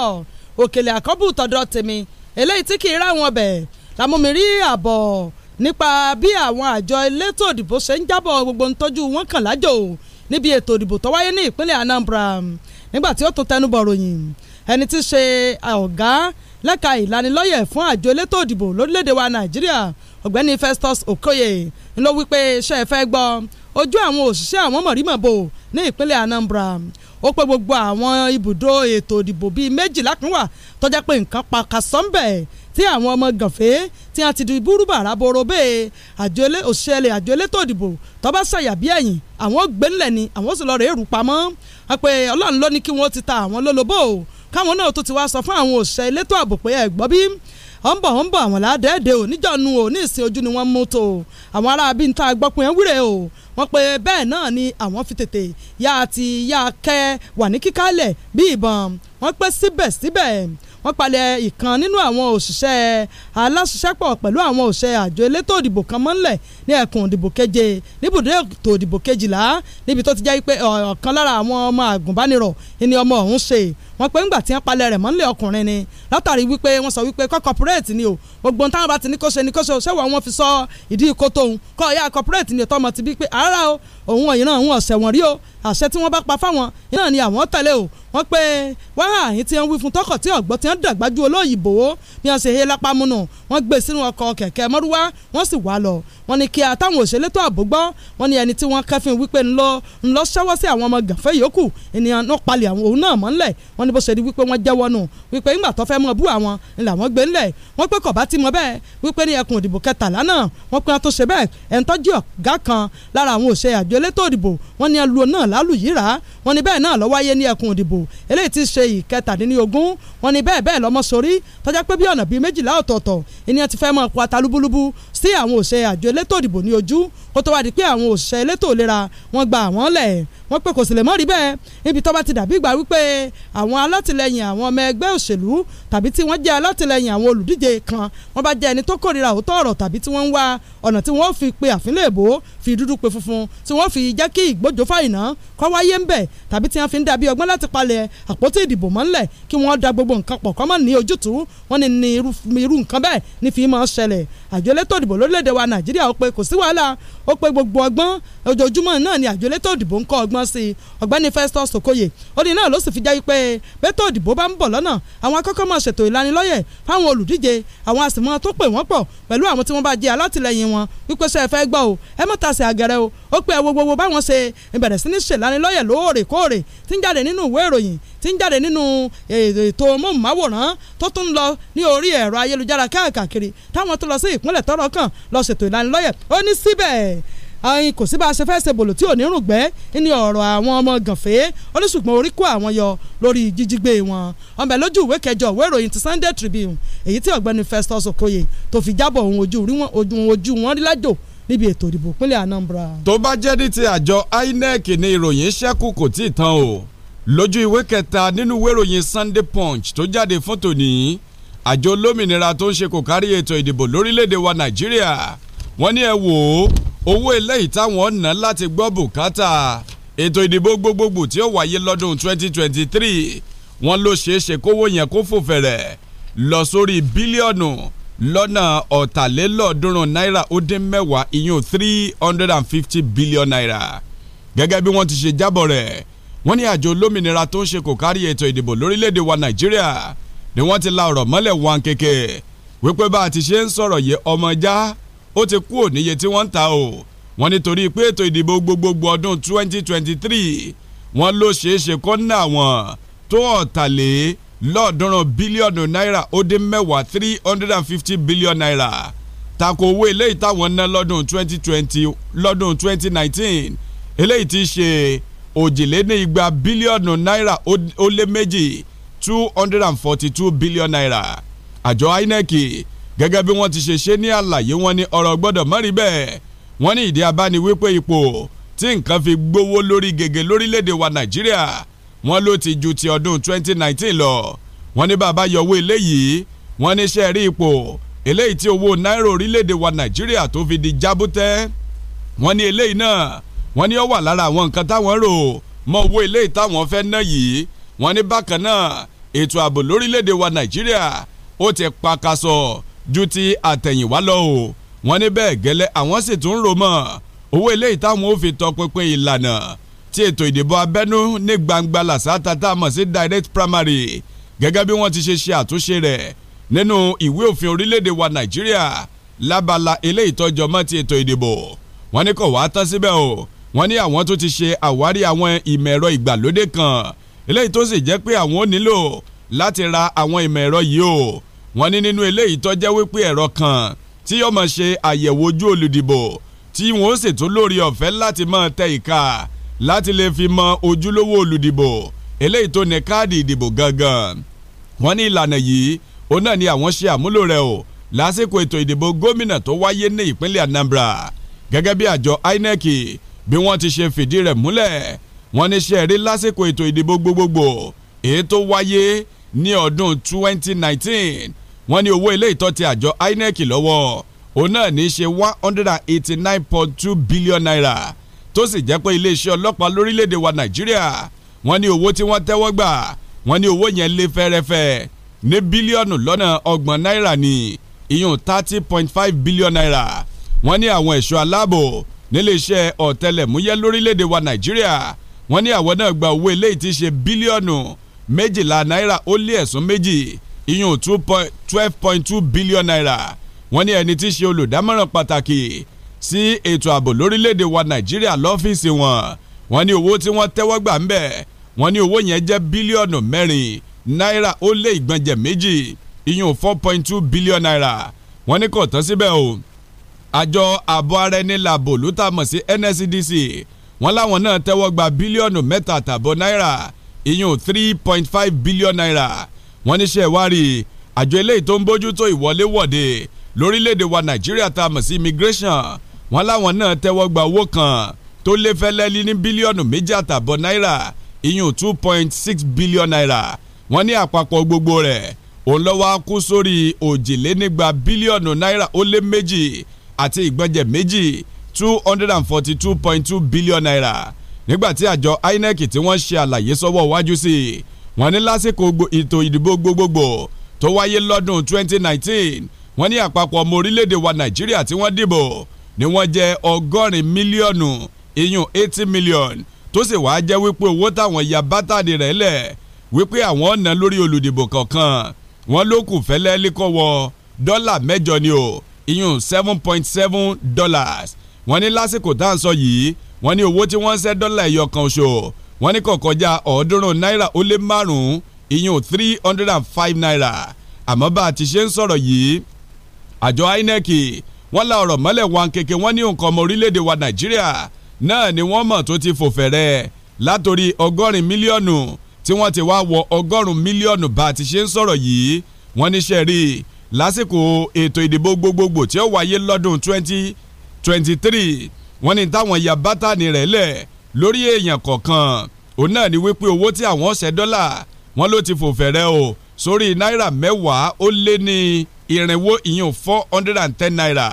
òkèlè àkọ́bù tọ̀dọ̀ tèmi eléyìí tí kì í ráwọn ọbẹ̀ làmúmi rí àbọ̀ nípa bí àwọn àjọ elétò òdìbò ṣe ń jábọ̀ gbogbo ntọ́jú wọn kàn lájò níbi ètò òdìbò tó wáyé ní ìpínlẹ̀ Anambra nígbà tí ó tún tẹnubọ̀ ròyìn ẹni tí ṣe ọ̀gá lẹ́ka ìlanilọ́yẹ̀ fún àjọ elétò òdìbò lórílẹ̀‐èdè wa Nàìjíríà ọ̀gbẹ́ni Festus Okoye ló wí pé iṣẹ́ fẹ́ gbọ́ ojú àwọn òṣìṣẹ́ àwọn mọ̀rímọ̀bò ní ìpínlẹ̀ Anambra ó pé gbogbo àwọn ibùdó ètò òdìbò bíi méjìlá kan wà tó pé nǹkan pa kàsọ́ńbẹ̀ tí àwọn ọmọ gànfẹ́ tí a ti di búrúbàrà borobé àjọlé òṣèlè àjọlé tó dìbò tọ́ba ṣàyà bí ẹ̀yìn àwọn gbẹ́nlẹ̀ ni àwọn sì lọ rẹ̀ èrú pamọ́ àpè ọlọ́run ló ní kí wọ́n ti ta àwọn lólobó káwọn náà tó ti wá sọ fún àwọn òṣè elétò ààbò pé ẹ bí ó ń bọ̀ ó ń bọ̀ àwọn ládẹ́ẹ̀dẹ́ ò níjọ́ ò ní ìsìn ojú ni wọ́n mú tó àwọn ará bíi níta gbọ́pin ẹ̀ wúre o wọ́n pe bẹ́ẹ̀ náà ni àwọn fi tètè yá àti yá kẹ́ wà ní kíkálẹ̀ bí ìbọn wọ́n pẹ́ síbẹ̀síbẹ̀ wọ́n palẹ̀ ìkan nínú àwọn òṣìṣẹ́ aláṣiṣẹ́pọ̀ pẹ̀lú àwọn òṣìṣẹ́ àjọ elétò òdìbò kan mọ́lẹ̀ ní ẹkùn òdìbò keje níbùdó ètò òdìbò kejìlá níbi tó ti jẹ́ pé ọ̀kan lára àwọn ọmọ àgùnbánirọ̀ ni ọmọ ọ̀hún ṣe wọ́n pé ńgbà tí wọ́n palẹ̀ rẹ̀ mọ́lẹ̀ ọkùnrin ni látàrí wípé wọ́n sọ wípé kọ́ corporate ni o gbogbo táwọn bá ti ní kó ṣe ni kó ṣe ṣé wọ́n fi sọ ìdí ikó tóun kọ́ ọ̀yà corporate ni tọmọ ti bí pé àárá o òun ọ̀yìn náà òun ọ̀sẹ̀ wọ̀n rí o àṣẹ tí wọ́n bá pa fáwọn náà ni àwọn tẹ̀lé o wọ́n pé wáhà yìí ti ń wí fún tọkọ̀ tí ọ̀gbọ́n ti ń dàgbà ju olóyìnbó bí wọ́n ṣe he lápámúnù wọ́n gbé sínú ọkọ̀ kẹ̀kẹ́ mọ́rúwá wọ́n sì wá lọ wọ́n ní kí àtàwọn òṣèlétò ààbò gbọ́ wọ́n ní ẹni tí wọ́n kẹ́fìn wípé ńlọ ńlọ ṣẹ́wọ́ sí àwọn ọmọ gàfẹ́ yòókù ènìyàn náà palẹ̀ àwọn òun náà mọ́lẹ̀ wọ́n ní bó ṣe di wípé wọ́n jẹ́wọ́ nù wípé ńgbà tó fẹ́ mọ bú àwọn ńlá wọ́n gbé ńlẹ̀ wọ́n pé kọ̀bá ti mọ bẹ́ẹ̀ wípé ní ẹkùn òdìbò kẹtàlá náà wọ́n pé wọ́n tó ṣe bẹ́ẹ̀ kan lára àwọn òṣè àjọ elétò òdìbò wọ́n ní ẹlu náà lálùyíra wọ́n ní bẹ́ẹ̀ náà ló wáyé ní ẹkùn òdìbò eléyìí ti ṣe ìkẹtàdínlógún wọ́n ní bẹ́ẹ̀ bẹ́ẹ̀ lọ́mọ sórí tọ́já pé bí ọ̀nà bíi méjìlá ọ̀tọ̀ọ̀tọ̀ ènìyàn ti fẹ́ mọ ọkọ̀ atalúbúlúbú sí àwọn òṣè àjọ elétò òdìbò ní ojú kó tó wá di pé àwọn òṣìṣẹ́ elétò ìlera wọ́n gba àwọn lẹ̀ wọ́n pé kò sì lè mọ́ rí bẹ́ẹ̀ níbi tó bá ti dàbí ìgbà wípé àwọn alátìlẹyìn àwọn ọmọ ẹgbẹ́ òṣèlú tàbí tí wọ́n jẹ́ alátìlẹyìn àwọn olùdíje kan wọ́n bá jẹ́ ẹni tó kórìíra òótọ́ ọ̀rọ̀ tàbí tí wọ́n ń wá ọ̀nà tí wọ́n fi pe àfínlẹ̀ èbó fi dúdú pe funfun tí wọ́n fi jẹ́ kí ìgbójó fàyìnà kọ́ wáyé ń bẹ̀ tàbí tí wọ́n fi ń dàbí ọgbọ́n láti palẹ̀ àpótí ìdìbò mọ́lẹ̀ kí wọ́n da gbogbo nǹkan pọ̀ kọ́ mọ́ ní ojútùú wọ́n ní ní irú nǹkan bẹ́ẹ̀ ní fi máa ṣẹlẹ̀ àjọ elétò ìdìbò lórílẹ̀‐èdè wa Nàìjíríà ó pe kò sí wàhálà ó pe gbogbo ọgbọ́n ojoojúmọ́ náà ni àjọ elétò ìdìbò gbajúmọ̀ sí i ọ̀gbẹ́ni Festus Okoye ó ní náà ló sì fi jẹ́ pé bẹ́tọ̀ òdìbò bá ń bọ̀ lọ́nà àwọn akọ́kọ́ máa ṣètò ìlanilọ́yẹ̀ fáwọn olùdíje àwọn àsìmọ́ tó pè wọ́n pọ̀ pẹ̀lú àwọn tí wọ́n bá jẹ́ alátìlẹyìn wọn wípé ṣe é fẹ́ gbọ́ o ẹ mọ̀ tàṣe àgẹ̀rẹ̀ o ó pé ẹ wo gbogbo báwọn ṣe ìbẹ̀rẹ̀ sí ní ṣèlanilọ́yẹ̀ lóòrèkóòrè tí ń jáde nínú ìwé ìròyìn tí ń jáde nínú e, ètò móhùnmáwòrán tó tún ń lọ ní orí ẹ̀rọ ayélujára káàkiri táwọn tó lọ sí ìpínlẹ̀ tọ́rọ̀ kàn lọ ṣètò ìlanilọ́yẹ̀ ó ní síbẹ̀ ayin kò sí bá a ṣe fẹ́ ṣe bòlò tí ò ní rùgbẹ́ ní ọ̀rọ̀ àwọn ọmọ gànfẹ́ oníṣùgbọ́n orí kó àwọn yọ lórí jíjígbé wọn ọmọ ẹ lójú ìwé kẹjọ ìwé ìròyìn ti Sunday Tribune èyí tí ọ̀gbẹ́ni Festus Okoye tó fi jábọ̀ ohun ojú wọn lájò níbi ètò ìdìbò pínlẹ̀ Anambra. tó bá jẹ́ ní ti àjọ INEC ni ìròyìn ṣẹ́kù kò tí ì tán o lójú ìwé kẹta nínú ìwé ìròyìn Sunday Punch tó jáde fún tòní àjọ olómìnira tó ń ṣe kò kárí ètò ìdìbò lórílẹ̀‐èdè wa Nàìjíríà wọ́n ní ẹ wò ó owó eléyìí táwọn ná láti gbọ́ bùkátà ètò ìdìbò gbogbogbò tí ó wáyé lọ́dún 2023 wọ́n ló ṣeé ṣe kówó yẹn kó fò fẹ̀rẹ̀ lọ sórí bílíọ̀nù lọ́nà ọ̀tàlélọ́ọ̀ọ́dúnrún náírà ó dín mẹ́wàá ìyún three hundred and fifty billion naira gẹ́gẹ́ bí wọ́n ti ṣe jábọ̀ rẹ̀ wọ́n ní àjọ olómìnira tó ń ṣe kò kárí ètò ìdìbò lórílẹ̀‐èdè wa nàìjíríà ni wọ́n ti la ọ̀rọ̀ mọ́lẹ̀ wọn kéke wípé bá a ti ṣe ń sọ̀rọ̀ yìí ọmọ já ó ti kú òníye tí wọ́n ń ta o wọ́n nítorí pé ètò ìdìbò gbogbogbò ọdún 2023 wọ́n ló ṣeé ṣe kó ná àwọn tó ọ̀tàlẹ́ lọ́ọ̀dúnrún bílíọ̀nù náírà ó dín mẹ́wàá three hundred and fifty billion naira tako owó eléyìí táwọn ná lọ́dún 2020 lọ́dún 2019 eléyìí ti ṣe òjìlénígba bílíọ̀nù náírà ó lé méjì two hundred and forty two billion naira àjọ INEC gẹ́gẹ́ bí wọ́n ti ṣe ṣe ní àlàyé wọn ni ọ̀rọ̀ gbọ́dọ̀ má rí bẹ́ẹ̀ wọ́n ní ìdí abá wípé ipò tí nǹkan fi gbówó lórí gègé lórílẹ̀‐èdè wa nàìjíríà wọ́n ló ti ju ti ọdún 2019 lọ wọ́n ní bàbá yọwọ́ eléyìí wọ́n ní ṣe rí ipò eléyìí tí owó náírà orílẹ̀‐èdè wa nàìjíríà tó fi di jábútẹ́ wọ́n ní eléyìí náà wọ́n ní ó wà lára àwọn nǹkan táwọn rò mọ́ owó eléyìí táwọn fẹ́ ná yìí wọ́n ní bákan náà ètò ààbò lórílẹ̀‐èdè wa nàìjíríà ó ti pakasọ̀ ju ti àtẹ̀yìnwá lọ o wọ́n ní bẹ́ẹ̀ gẹ́lẹ́ àwọn sì tún ń rò mọ́ owó eléyìí táwọn ò fi tọpinpin ìlànà tí ètò ìdìbò abẹ́nú ní gbangba làṣáta tá a mọ̀ sí direct primary gẹ́gẹ́ bí wọ́n ti ṣe ṣe àtúnṣe rẹ̀ nínú ìwé òfin orílẹ̀-èdè wa Nàìjíríà lábala eléyìí tọ́jọ mọ́ ti ètò ìdìbò wọ́n ní kò wá tán síbẹ̀ o wọ́n ní àwọn tó ti ṣe àwárí àwọn ìmọ̀ ẹ̀rọ ìgbàlódé kan eléyìí tó sì jẹ́ pé àwọn ò nílò láti ra àwọn ìmọ̀ ẹ̀rọ yìí o wọ́n ní nínú eléyìí tó jẹ́ wípé ẹ̀rọ kan tí yóò máa ṣe àyẹ̀wò ojú olùdìbò tí wọ́n ó sì tún lórí ọ̀fẹ́ láti máa tẹ ìka láti lè fi mọ ojúlówó olùdìbò eléyìí tó ní káàdì ìdìbò gangan wọ́n ní ìlànà yìí òun náà ni àwọn ṣe àmúlò rẹ̀ o lásìkò ètò ìdìbò gómìnà tó wáyé ní ìpínlẹ̀ Anambra gẹ́gẹ́ bí àjọ INEC bí wọ́n ti ṣe fìdí rẹ̀ múlẹ̀ wọ́n ní ṣe rí lásìkò ètò ìdìbò gbogbogbò èyí tó wáyé ní ọdún 2019 wọ́n ní owó ilé ìtọ́ ti àjọ INEC lọ́wọ́ òun náà ní í ṣe one hundred and eighty nine point two billion naira tó sì jẹ́ pé iléeṣẹ́ ọlọ́pàá lórílẹ̀‐èdè wa Nàìjíríà wọ́n ní owó tí wọ́n tẹ́wọ́ gbà wọ́n ní owó yẹn lé fẹ́rẹ́fẹ́ ní bílíọ̀nù lọ́nà ọgbọ̀n náírà ní iyùn thirty point five billion naira wọ́n ní àwọn ẹ̀ṣọ́ aláàbò níléeṣẹ́ ọ̀tẹlẹ̀múyẹ́ lórílẹ̀‐èdè wa Nàìjíríà wọ́n ní àwọn náà gba owó eléyìí ti ṣe bílíọ̀nù méjìlá náírà ó lé ẹ̀sùn méjì iyun two point twelve point two billion naira wọ́n ní ẹni tí í ṣe olùdámọ̀ràn pàtàkì sí ètò ààbò lórílẹ̀‐èdè wa nàìjíríà lọ́fíìsì wọn wọ́n ní owó tí wọ́n tẹ́wọ́ gbà ń bẹ̀ wọ́n ní owó yẹn jẹ́ bílíọ̀nù mẹ́rin náírà ó lé ìgbọ̀njẹ̀ méjì iyun four point two billion naira wọ́n ní kò tán síbẹ̀ o àjọ ààbò ara ẹni làbò ló tà mọ̀ sí NSCDC wọ́n láwọn náà tẹ́wọ́ gba bílíọ̀nù mẹ́ta àtàbọ̀ náírà iyun three point five billion naira wọ́n níṣẹ́ ìwádìí àjọ eléyìí tó ń bójú tó ìwọléwọ̀de lórílẹ̀‐èdè wa nàìjíríà ta a mọ̀ sí immigration wọ́n láwọn náà tẹ́wọ́ gba owó kan tó lé fẹ́lẹ́lí ní bílíọ̀nù méjì àtàbọ̀ náírà ìyún two point six billion naira wọ́n ní àpapọ̀ gbogbo rẹ̀ òun lọ́wọ́ á kú sórí òjìlénígba bílíọ̀nù náírà ó lé méjì àti ìgbọ́njẹ méjì two hundred and forty two point two billion naira nígbàtí àjọ INEC tí wọ́n ṣe àlàyé sọ́wọ́ wájú sí i wọ́n ní lásìkò ètò ìdìbò gbogbogbò tó wáyé lọ́dún 2019 wọ́n ní àpapọ̀ ọmọ orílẹ̀-èdè wa nàìjíríà tí wọ́n dìbò ni wọ́n jẹ́ ọgọ́rin mílíọ̀nù iyùn 80 million tó sì wáá jẹ́ wípé owó táwọn ya bátàdì rẹ̀ lẹ̀ wípé àwọn ọ̀nà lórí olùdìbò kọ̀ọ̀kan wọ́n ló kù fẹ́lẹ́ líkọ́ wọ dọ́là mẹ́jọ ni o iyùn 7.7 dollars wọ́n ní lásìkò tá à ń sọ yìí wọ́n ní owó tí wọ́n ń ṣẹ́ dọ́là ẹ̀yọ kan wọ́n ní kò kọjá ọ̀ọ́dúnrún náírà ó lé márùn-ún ìyún three hundred and five naira àmọ́ bá a ti ṣe ń sọ̀rọ̀ yìí àjọ INEC wọ́n la ọ̀rọ̀ mọ́lẹ̀ wọn kéke wọ́n ní nǹkan ọmọ orílẹ̀-èdè wa Nàìjíríà náà ni wọ́n mọ̀ tó ti fò fẹ̀rẹ̀ látòrí ọgọ́rin mílíọ̀nù tí wọ́n ti wá wọ ọgọ́rùn mílíọ̀nù bá a ti ṣe ń sọ̀rọ̀ yìí wọ́n ní sẹ́rí lásìkò ètò ìdìbò gbogbogbò tí ó wáyé lọ́dún 2023 wọ́n ní táwọn ya bátànì rẹ̀ lẹ̀ lórí èèyàn kọ̀ọ̀kan òun náà ni wípé owó tí àwọn ọ̀sẹ̀ dọ́là wọn ló ti fò fẹ̀rẹ̀ o sórí náírà mẹ́wàá ó lé ní irinwó ìyẹn four hundred and ten naira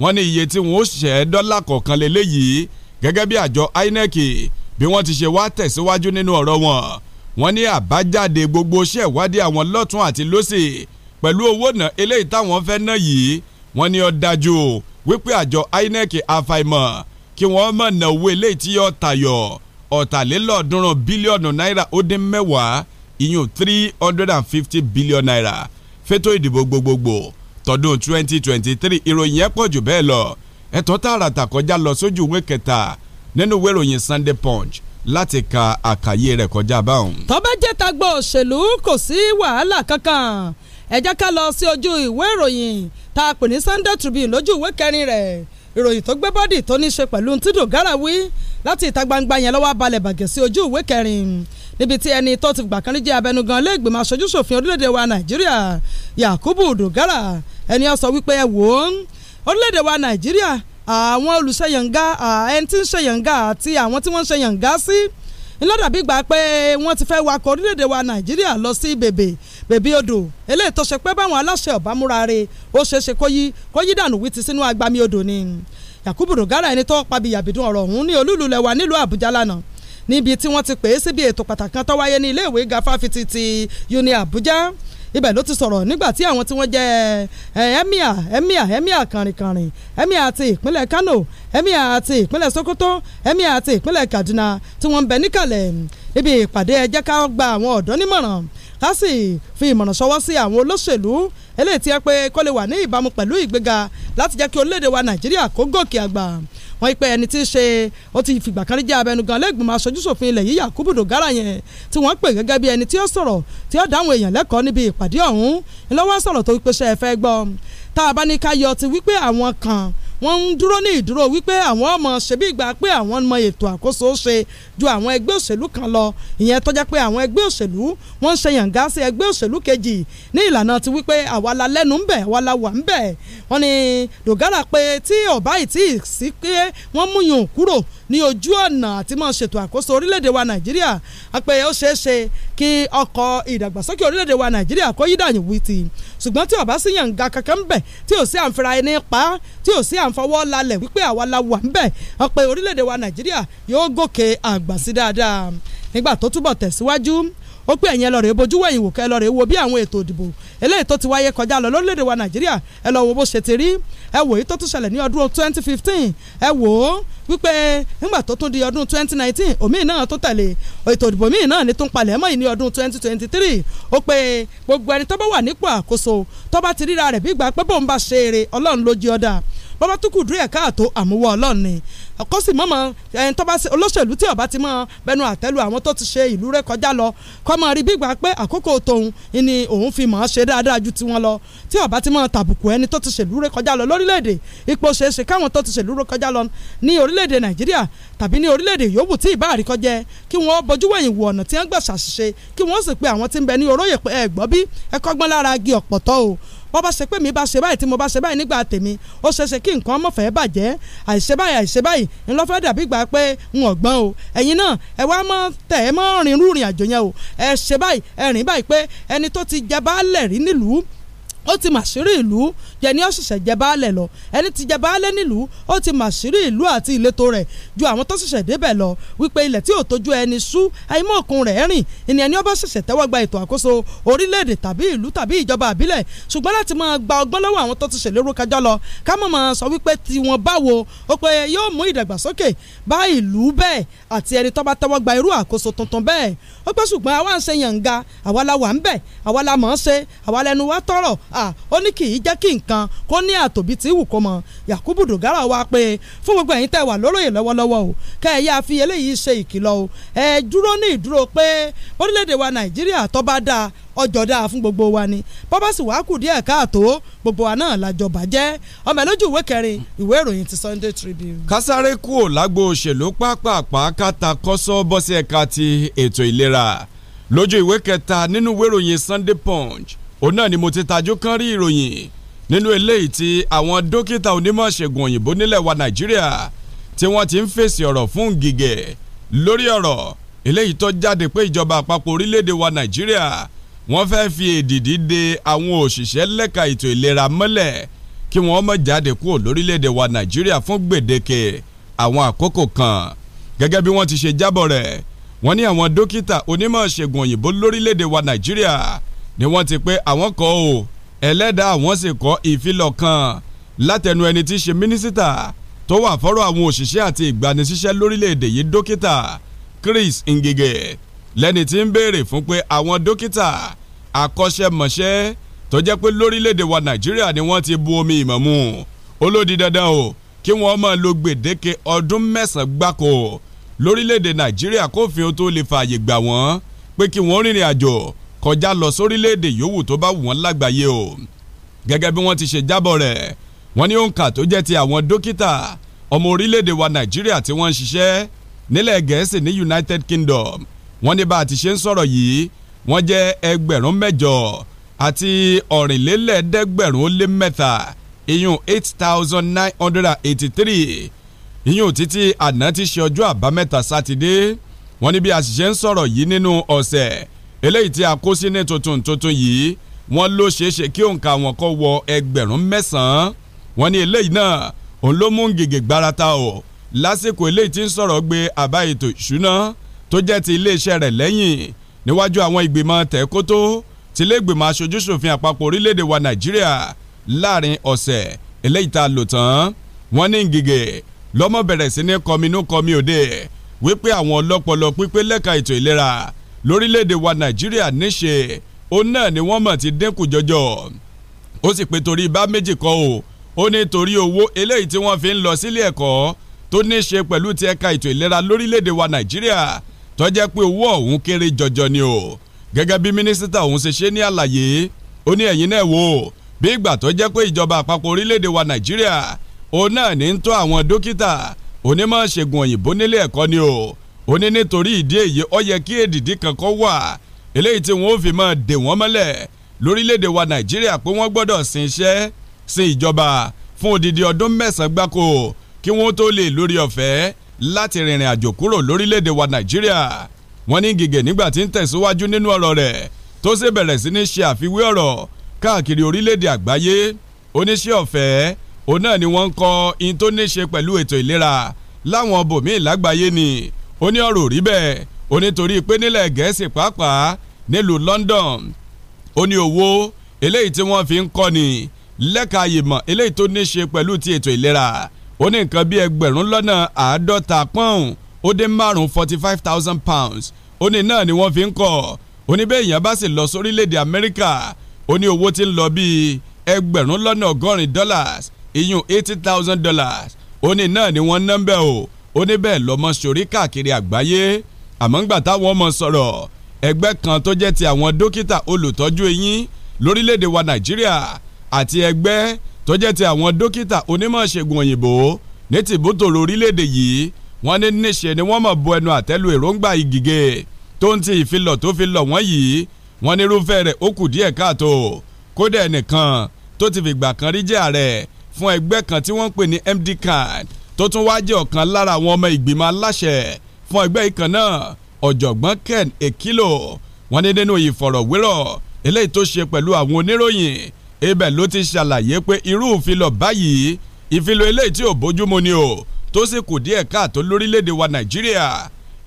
wọ́n ní iye tí wọ́n ó ṣẹ́ dọ́là kọ̀ọ̀kan lélẹ́yìí gẹ́gẹ́ bí àjọ INEC bí wọ́n ti ṣe wá tẹ̀síwájú nínú ọ̀rọ̀ wọn wọ́n ní àbájáde gbogbo iṣẹ́ ìwádìí àwọn lọ́tún àti lọ́sì pẹ̀lú owó ná eléyìí táwọn fẹ́ ná yìí wọ́n ní ó dájú wípé àjọ INEC àfàìmọ̀ kí wọ́n mọ̀ náwó eléyìí tí yọ tayọ ọ̀tàlélọ́ọ̀ọ́dúnrún bílíọ̀nù náírà ó dín mẹ́wàá ìyún three hundred and fifty billion naira fétò ìdìbò gbogbogbò tọdún twenty twenty three ìròyìn yẹn pọ̀ jù bẹ́ẹ̀ lọ ẹ̀tọ́ tààràtà kọjá lọ sójú ìwé kẹta nínú ìwé ìròyìn Sunday Punch láti ka àkàyé rẹ̀ kọjá báwọn. tọ́ba jẹ́ tagbọ́ òṣèlú kò sí wàhálà kankan ẹ jẹ́ ká lọ sí ojú ìwé ìròyìn tá pè ní Sunday Tribune lójú ìwé kẹrin rẹ̀ ìròyìn tó gbé bọ́dì tó ní ṣe pẹ̀lú tí Dogara wí láti ìta gbangba yẹn lọ́wọ́ balẹ̀ bàgẹ́ sí ojú ìwé kẹrin níbi tí ẹni tó ti gbà kan rí jẹ́ abẹnugan lẹ́gbẹ̀mọ aṣojúṣòfin orílẹ̀-èdè wa Nàìjíríà Yakubu Dogara ẹni ó sọ wípé ẹ wò ó orílẹ̀-èdè wa Nàìjíríà àwọn olùṣeyànga ẹni tí ń ṣeyànga àti àwọn tí wọ́n ń ṣeyànga sí si, ńlọ́dàbí gbà pé wọ́n ti fẹ́ wakọ̀ orílẹ̀-èdè wa nàìjíríà lọ sí bèbè bèbè odò eléyìí tó ṣe pé báwọn aláṣẹ ọ̀bámúrare ó ṣeé ṣe kó yí kó yí dànù wí ti sínú agbami odò ni yakubu dogara ẹni tó pabi yàbìdún ọ̀rọ̀ ọ̀hún ní olúlu lẹ̀wà nílùú àbújá lánàá níbi tí wọ́n ti pè é síbi ètò pàtàkì kan tó wáyé ní ilé ìwé ga fáfitì ti uni àbújá ibẹ̀ ló ti sọ̀rọ̀ nígbà tí àwọn tí wọ́n jẹ́ ẹ̀míà ẹ̀míà ẹ̀míà kànrìnkànrìn ẹ̀míà ti ìpínlẹ̀ Kano ẹ̀míà ti ìpínlẹ̀ Sokoto ẹ̀míà ti ìpínlẹ̀ Kaduna tí wọ́n ń bẹ níkàlẹ̀ níbi ìpàdé ẹ jẹ́ ká gba àwọn ọ̀dọ́ nímọ̀ràn tá sì fi ìmọ̀ràn ṣọwọ́ sí àwọn olóṣèlú eléyìí tí ẹ pé kó lè wà ní ìbámu pẹ̀lú ìgbéga láti jẹ́ kí orílẹ̀-èdè wa Nàìjíríà kó gòkè àgbà wọ́n yí pé ẹni tí í ṣe ó ti fìgbà kan rí jẹ́ abẹnugan lẹ́gbìmọ̀ aṣojúṣòfin ilẹ̀ yìí Yakubu Dogara yẹn tí wọ́n pè gẹ́gẹ́ bí ẹni tí ó sọ̀rọ̀ tí ó dáhùn èèyàn lẹ́kọ̀ọ́ níbi ìpàdé ọ̀hún ńlọ́wọ́ sọ̀rọ̀ tó wípé ṣe é fẹ́ gbọ́ tá a bá ní ká yọ ti wípé àwọn kan wọ́n ń dúró ní ìdúró wípé àwọn ọmọ ṣebí ìgbà pé àwọn mọ ètò àkóso ṣe ju àwọn ẹgbẹ́ òṣèlú kan lọ ìyẹn tó jẹ́ pé àwọn ẹgbẹ́ òṣèlú wọ́n ń ṣe yàǹgá sí ẹgbẹ́ òṣèlú kejì ní ìlànà ti wípé àwa la lẹ́nu ń bẹ̀ àwa la wà ń bẹ̀ wọ́n ní dògárà pé tí ọ̀bá ìtì sí pé wọ́n múyàn kúrò ní ojú ọ̀nà àti máa ṣètò àkóso orílẹ̀-èdè wa nàìjíríà pé ó ṣeé ṣe kí ọkọ̀ ìdàgbàsókè orílẹ̀-èdè wa nàìjíríà kó yí dànù wí ti ṣùgbọ́n tí ọ̀bá sí yànga kankan ń bẹ̀ tí ò sí àǹfààní ẹni pa tí ò sí àǹfọwọ́ lalẹ̀ wípé àwa la wà ń bẹ̀ pé orílẹ̀-èdè wa nàìjíríà yóò gòkè àgbà dàgbà sí dáadáa nígbà tó túbọ̀ tẹ̀síwájú ó pé ẹ̀yin ẹ lọ rèé bojú wẹ̀yìn wò kẹ́ ẹ lọ rèé wo bí àwọn ètò ìdìbò eléyìí tó ti wáyé kọjá lọ lórílẹ̀‐èdè wa nàìjíríà ẹ lọ wo bó ṣe ti rí ẹ wò yìí tó tún ṣẹlẹ̀ ní ọdún 2015 ẹ wò ó wípé nígbà tó tún di ọdún 2019 òmíì náà tó tẹ̀lé ètò ìdìbò míì náà ní tó ń palẹ̀ mọ́ yìí ní ọdún 2023 ó pé gbogbo ẹni tó bá wà nípò àkóso tó bá ti ríra rẹ̀ bí ìgbà pé bóun bá ṣe eré ọlọ́run ló jí ọ dáa bọ́bá tó kù dúró ẹ̀ káàtó àmúwọ́ ọlọ́run ni kó sì mọ̀mọ́ ẹni tó bá ṣe olóṣèlú tí ọba ti mọ̀ bẹnu àtẹ́lu àwọn tó ti ṣe ìlú rẹ̀ kọjá lọ kọ́ mọ̀ rí bígbà pé àkókò tòun ni òun fi mọ̀ ṣe dáadáa ju tiwọn lọ tí ọba ti mọ̀ tàbùkù ẹni tó ti ṣèlú rẹ̀ kọjá lọ lórílẹ̀‐èdè ipò ṣeéṣe káwọn tó ti ṣèlú rẹ̀ kọjá lọ ní orílẹ̀‐èdè Nàìjíríà tàbí ní orílẹ̀‐èdè yòówù tí ìbá àríkọjẹ kí wọ́n bójú wẹ̀yìn wò wọ́n bá ṣe pé mi bá ṣe báyìí tí mo bá ṣe báyìí nígbà tèmi ó ṣeéṣe kí nǹkan mọ̀ fẹ́ bàjẹ́ àìṣe báyìí àìṣe báyìí ńlọ́fẹ́ dàbí gbà pé n ò gbọ́n o ẹ̀yin náà ẹ wá mọ́ tẹ̀ ẹ mọ́ rìn àjò yẹn o ẹ ṣe báyìí ẹ rìn báyìí pé ẹni tó ti jẹ baálẹ̀ rí nílùú ó ti màṣírí ìlú jẹni ó ṣẹ̀ṣẹ̀ jẹ baálẹ̀ lọ ẹni tí jẹ baálẹ̀ nílùú ó ti màṣírí ìlú àti ìletò rẹ̀ ju àwọn tó ṣẹ̀ṣẹ̀ débẹ̀ lọ wípé ilẹ̀ tí ò tójú ẹni sú àìmọ̀ òkun rẹ̀ rìn ìní ẹni ó bá ṣẹ̀ṣẹ̀ tẹ́wọ́ gba ètò àkóso orílẹ̀-èdè tàbí ìlú tàbí ìjọba àbílẹ̀ ṣùgbọ́n láti máa gba ọgbọ́n lọ́wọ́ àwọn tó ti ṣèlérò kájọ́ lọ ká mọ̀ máa sọ wípé tí wọ́n bá wo ó pé yóò mú ìdàgbàsókè bá ìlú bẹ́ẹ̀ àti ẹni tó bá tẹ́wọ́ gba irú àkóso tuntun bẹ́ẹ̀ ó pé ṣùgbọ́n àwa ń ṣe yànga àwa la wà ń bẹ̀ àwa la mọ̀ ọ́n ṣe àwa lẹnu wa tọ̀rọ̀ ó ní kì í jẹ́ kí nǹkan kó ní àtòbí tí wù kó mọ Yakubu Dogara wá pé fún gbogbo ẹ̀yin tẹ́ wà lóróyè lọ́wọ́lọ́wọ́ o kẹ́ ẹ yá fi eléyìí ṣe ìkìlọ̀ o ẹ dúró ní ìdúró pé orílẹ̀-èdè wa Nàìjíríà tó bá dáa ọjọ́ dáa fún gbogbo wa ni bọ́bá sì wá kù díẹ̀ káàtó gbogbo wa náà lájọ bàjẹ́ ọmọ lójú ìwé kẹrin ìwé ìròyìn ti Sunday Tribune. kásáré kú ò lágbo òṣèlú pápápá káta kọ́sọ́ bọ́sẹ̀ ẹ̀ka ti ètò ìlera lójú ìwé kẹta nínú ìwé ìròyìn Sunday Punch òun náà ni mo ti tajú kán rí ìròyìn nínú eléyìí tí àwọn dókítà onímọ̀ ṣègùn òyìnbó nílẹ̀ wa Nàìjíríà tí wọ́n ti ń fèsì ọ̀rọ̀ fún gìgẹ̀ lórí ọ̀rọ̀ eléyìí tó jáde pé ìjọba àpapọ̀ orílẹ̀-èdè wa Nàìjíríà wọ́n fẹ́ fi èdìdí de àwọn òṣìṣẹ́ lẹ́ka ètò ìlera mọ́lẹ̀ kí wọ́n má jáde kúrò lórílẹ̀-èdè wa Nàìjíríà fún gbèdéke àwọn àkókò kan gẹ́gẹ́ bí wọ́n ti ṣe jábọ̀ rẹ̀ wọ́n ní àwọn dókítà onímọ̀ ṣègùn òyìnbó lórílẹ̀-èdè wa Nàìjíríà ni wọ́n ti pé àwọn kọ́ o ẹlẹ́dàá àwọn sì kọ́ ìfilọ̀ kan látẹnu ẹni tí í ṣe mínísítà tó wà fọ́rọ̀ àwọn òṣìṣẹ́ àti ìgbanisíṣẹ́ lórílẹ̀‐èdè yìí dókítà Chris Ngige lẹ́ni tí ń béèrè fún pé àwọn dókítà akọ́ṣẹ́mọṣẹ́ tó jẹ́ pé lórílẹ̀‐èdè wa Nàìjíríà ni wọ́n ti bu omi ìmọ̀ mu ó ló di dandan o kí wọ́n máa lo gbèdéke ọdún mẹ́sàn-án gbáko lórílẹ̀‐èdè Nàìjíríà kófin ó tó lè fààyè gbà wọ́n pé kí wọ́n rìnrìn àjò kọjá lọ sórílẹ̀-èdè yòówù tó bá wù wọ́n lágbàáyé o gẹ́gẹ́ bí wọ́n ti ṣe jábọ̀ rẹ̀ wọ́n ní òǹkà tó jẹ́ ti àwọn dókítà ọmọ orílẹ̀-èdè wa Nàìjíríà tí wọ́n ń ṣiṣẹ́ nílẹ̀ Gẹ̀ẹ́sì ní United Kingdom wọ́n ní bá a ti ṣe ń sọ̀rọ̀ yìí wọ́n jẹ́ ẹgbẹ̀rún mẹ́jọ àti ọ̀rìnlélẹ́ẹ̀dẹ́gbẹ̀rún ó lé mẹ́ta ìyún eight thousand nine hundred and eighty-three ìyún títí àná ti ṣe ọjọ́ àbámẹ́ta sátidé wọ́n ní bí a sì ṣe ń sọ̀rọ̀ yìí nínú ọ̀sẹ̀ eléyìí tí a kó sí ní tuntun tuntun yìí wọ́n ló ṣeéṣe kí òǹkà wọn kó wọ ẹgbẹ̀rún mẹ́sàn-án wọ́n ní eléyìí náà òun ló mú gègé gbárata o lásìkò eléyìí tí ń sọ̀rọ̀ gbé àbá ètò ìṣúná tó jẹ́ ti iléeṣẹ́ rẹ̀ lẹ́yìn níwájú àwọn ìgbìmọ̀ tẹ̀kótó tilégbìmọ̀ aṣojúṣòfin àpapọ̀ orílẹ̀-èdè wa nàìjíríà láàrin ọ̀sẹ̀ eléyìí tá a lò tán wọ́n ní gègé lọ́mọ bẹ̀rẹ̀ sí ní kọminú kọmi òde wípé àwọn ọlọ́pọlọ pípé lẹ́ka ètò ìlera lórílẹ̀‐èdè wa nàìjíríà níṣe òun náà ni wọ́n mọ̀ ti dínkù jọjọ ó sì pé torí bá méjì kọ́ o ó ní torí owó eléyìí tí wọ́n fi ń lọ sílé ẹ̀kọ́ tó ní pẹ̀lú ti ẹ̀ka ètò ìlera lórílẹ̀‐èdè wa nàìjíríà tó jẹ́ pé owó ọ̀hún kéré jọjọ ni o gẹ́gẹ́ bí mínísítà ọ̀hún ṣe ṣe ní àlàyé ó ní ẹ̀yin náà wò ó bí ìgbà tó jẹ́ pé ìjọba àpapọ̀ orílẹ̀‐èdè wa nàìjíríà òun náà ní ń tọ́ àwọn dókítà onímọ̀ ṣègùn òyìnbó nílé ẹ̀kọ́ ni o ó ní nítorí ìdí èyí ó yẹ kí èdìdí kankan wà eléyìí tí wọn ò fi máa dè wọ́n mọ́lẹ̀ lórílẹ̀ wa nàìjíríà pé wọ́n gbọ́dọ̀ sin iṣẹ́ sin ìjọba fún odidi ọdún mẹ́sàn-án gbáko kí wọ́n tó lè lórí ọ̀fẹ́ láti rìnrìn àjò kúrò lórílẹ̀ wa nàìjíríà wọ́n ní gègé nígbà tí ń tẹ̀síwájú nínú ọ̀rọ̀ rẹ̀ tó sì bẹ̀rẹ̀ sí ní ṣe àfiwé ọ̀rọ̀ káàkiri orílẹ̀ àgbáyé oníṣẹ́ ọ̀fẹ́ òun náà ni wọ́n ń kọ́ in tó ní ṣe pẹ̀lú ètò ìlera láwọn bòmíì lágbàáyé ni ó ní ọ̀rọ̀ rí bẹ́ẹ̀ ó ní torí pé nílẹ̀ gẹ̀ẹ́sì pàápàá nílùú London ó ní owó eléyìí tí wọ́n fi ń kọ́ni lẹ́ka ìmọ̀ eléyìí tó ní ṣe pẹ̀lú ti ètò ìlera ó ní nǹkan bí ẹgbẹ̀rún lọ́nà àádọ́ta pọ́ùn ó dé márùn forty five thousand pounds ó ní náà ni wọ́n fi ń kọ́ ó ní bẹ́ẹ̀ èèyàn bá sì lọ sórílẹ̀‐èdè Amẹ́ríkà ó ní owó tí ń lọ bíi ẹgbẹ̀rún lọ́nà ọgọ́rin dollars ìyún eighty thousand dollars ó ní náà ni wọ́n ná ń bẹ̀ o ó ní bẹ́ẹ̀ lọ́mọ sòrí káàkiri àgbáyé àmọ́ ńgbà táwọn ọmọ sọ̀rọ̀ ẹgbẹ́ kan tó jẹ́ ti àwọn dókítà olùtọ́jú eyín lórílẹ̀‐èdè wa nàìjíríà àti ẹgbẹ́ tó jẹ́ ti àwọn dókítà onímọ̀ ṣègùn òyìnbó ní tìbútòrò orílẹ̀‐èdè yìí wọ́n ní níṣe ni wọ́n mọ̀ bu ẹnu àtẹ́lu èròǹgbà ìgìgè tó ń ti ìfilọ̀ tó fi lọ̀ wọ́n yìí wọ́n ní irúfẹ́ rẹ̀ ó kù díẹ̀ káàtó kódà ẹnìkan tó ti fìgbà kan rí jẹ́ ààrẹ fún ẹgbẹ́ kan tí wọ́n ń pè ní MD CAN tó tún wá jẹ́ ọ̀kan lára àwọn ọmọ ìgbìmọ̀ aláṣẹ fún ẹgbẹ́ ìkan náà ọ̀jọ̀gbọ́n Ken Ekilo wọn ní nínú ìfọ̀rọ̀wérọ̀ eléyìí tó ṣe pẹ̀lú àwọn oníròyìn ibẹ̀ ló ti ṣàlàyé pé irú ìfilọ̀ báyìí ìfilọ̀ eléyìí tí ò bójúmu ni o tó sì kù díẹ̀ káàtó lórílẹ̀‐èdè wa Nàìjíríà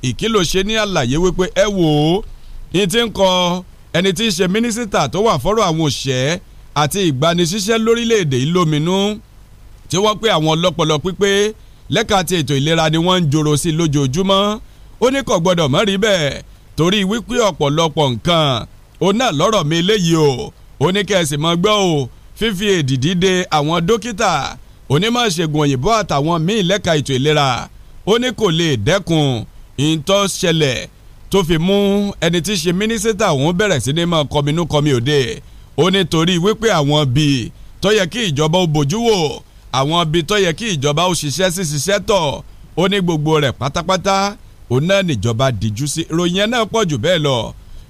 Ekilo ṣe ní àlàyé wípé ẹ wò ó ní ti ń kọ ẹni tí í ṣe mínísítà tó wà fọ́rọ̀ àwọn òṣẹ́ àti ìgbanisíṣẹ́ lórílẹ̀‐èdè ìlóminú tí wọ́n pé àwọn ọlọ́pọlọ pípé lẹ́ka ti ètò ìlera ni wọ́n ń joro sí lójoojúmọ́ ó ní kò gbọ́dọ̀ mọ́ rí bẹ́ẹ̀ torí wípé ọ̀pọ̀lọpọ̀ nǹkan ó náà lọ́rọ̀ mi léyìí o ó ní kẹ́sì mọ́ gbọ́ o fífi èdìdí de àwọn dókítà onímọ̀ ìṣègùn òyìnbó àtàwọn míì lẹ́ka ètò ìlera ó ní kò lè dẹ́kun ìtọ́ ṣẹlẹ̀ tó fi mú ẹni tí í ṣe mínísítà òun bẹ̀rẹ̀ sí ní máa kọminú òde ó ní torí wípé àwọn bíi tó yẹ kí ìjọba ó bójú wò àwọn ibi tó yẹ kí ìjọba ó ṣiṣẹ́ sí ṣiṣẹ́ tọ̀ ó ní gbogbo rẹ̀ pátápátá òun náà níjọba díjú sí ìròyìn ẹ̀ náà pọ̀ jù bẹ́ẹ̀ lọ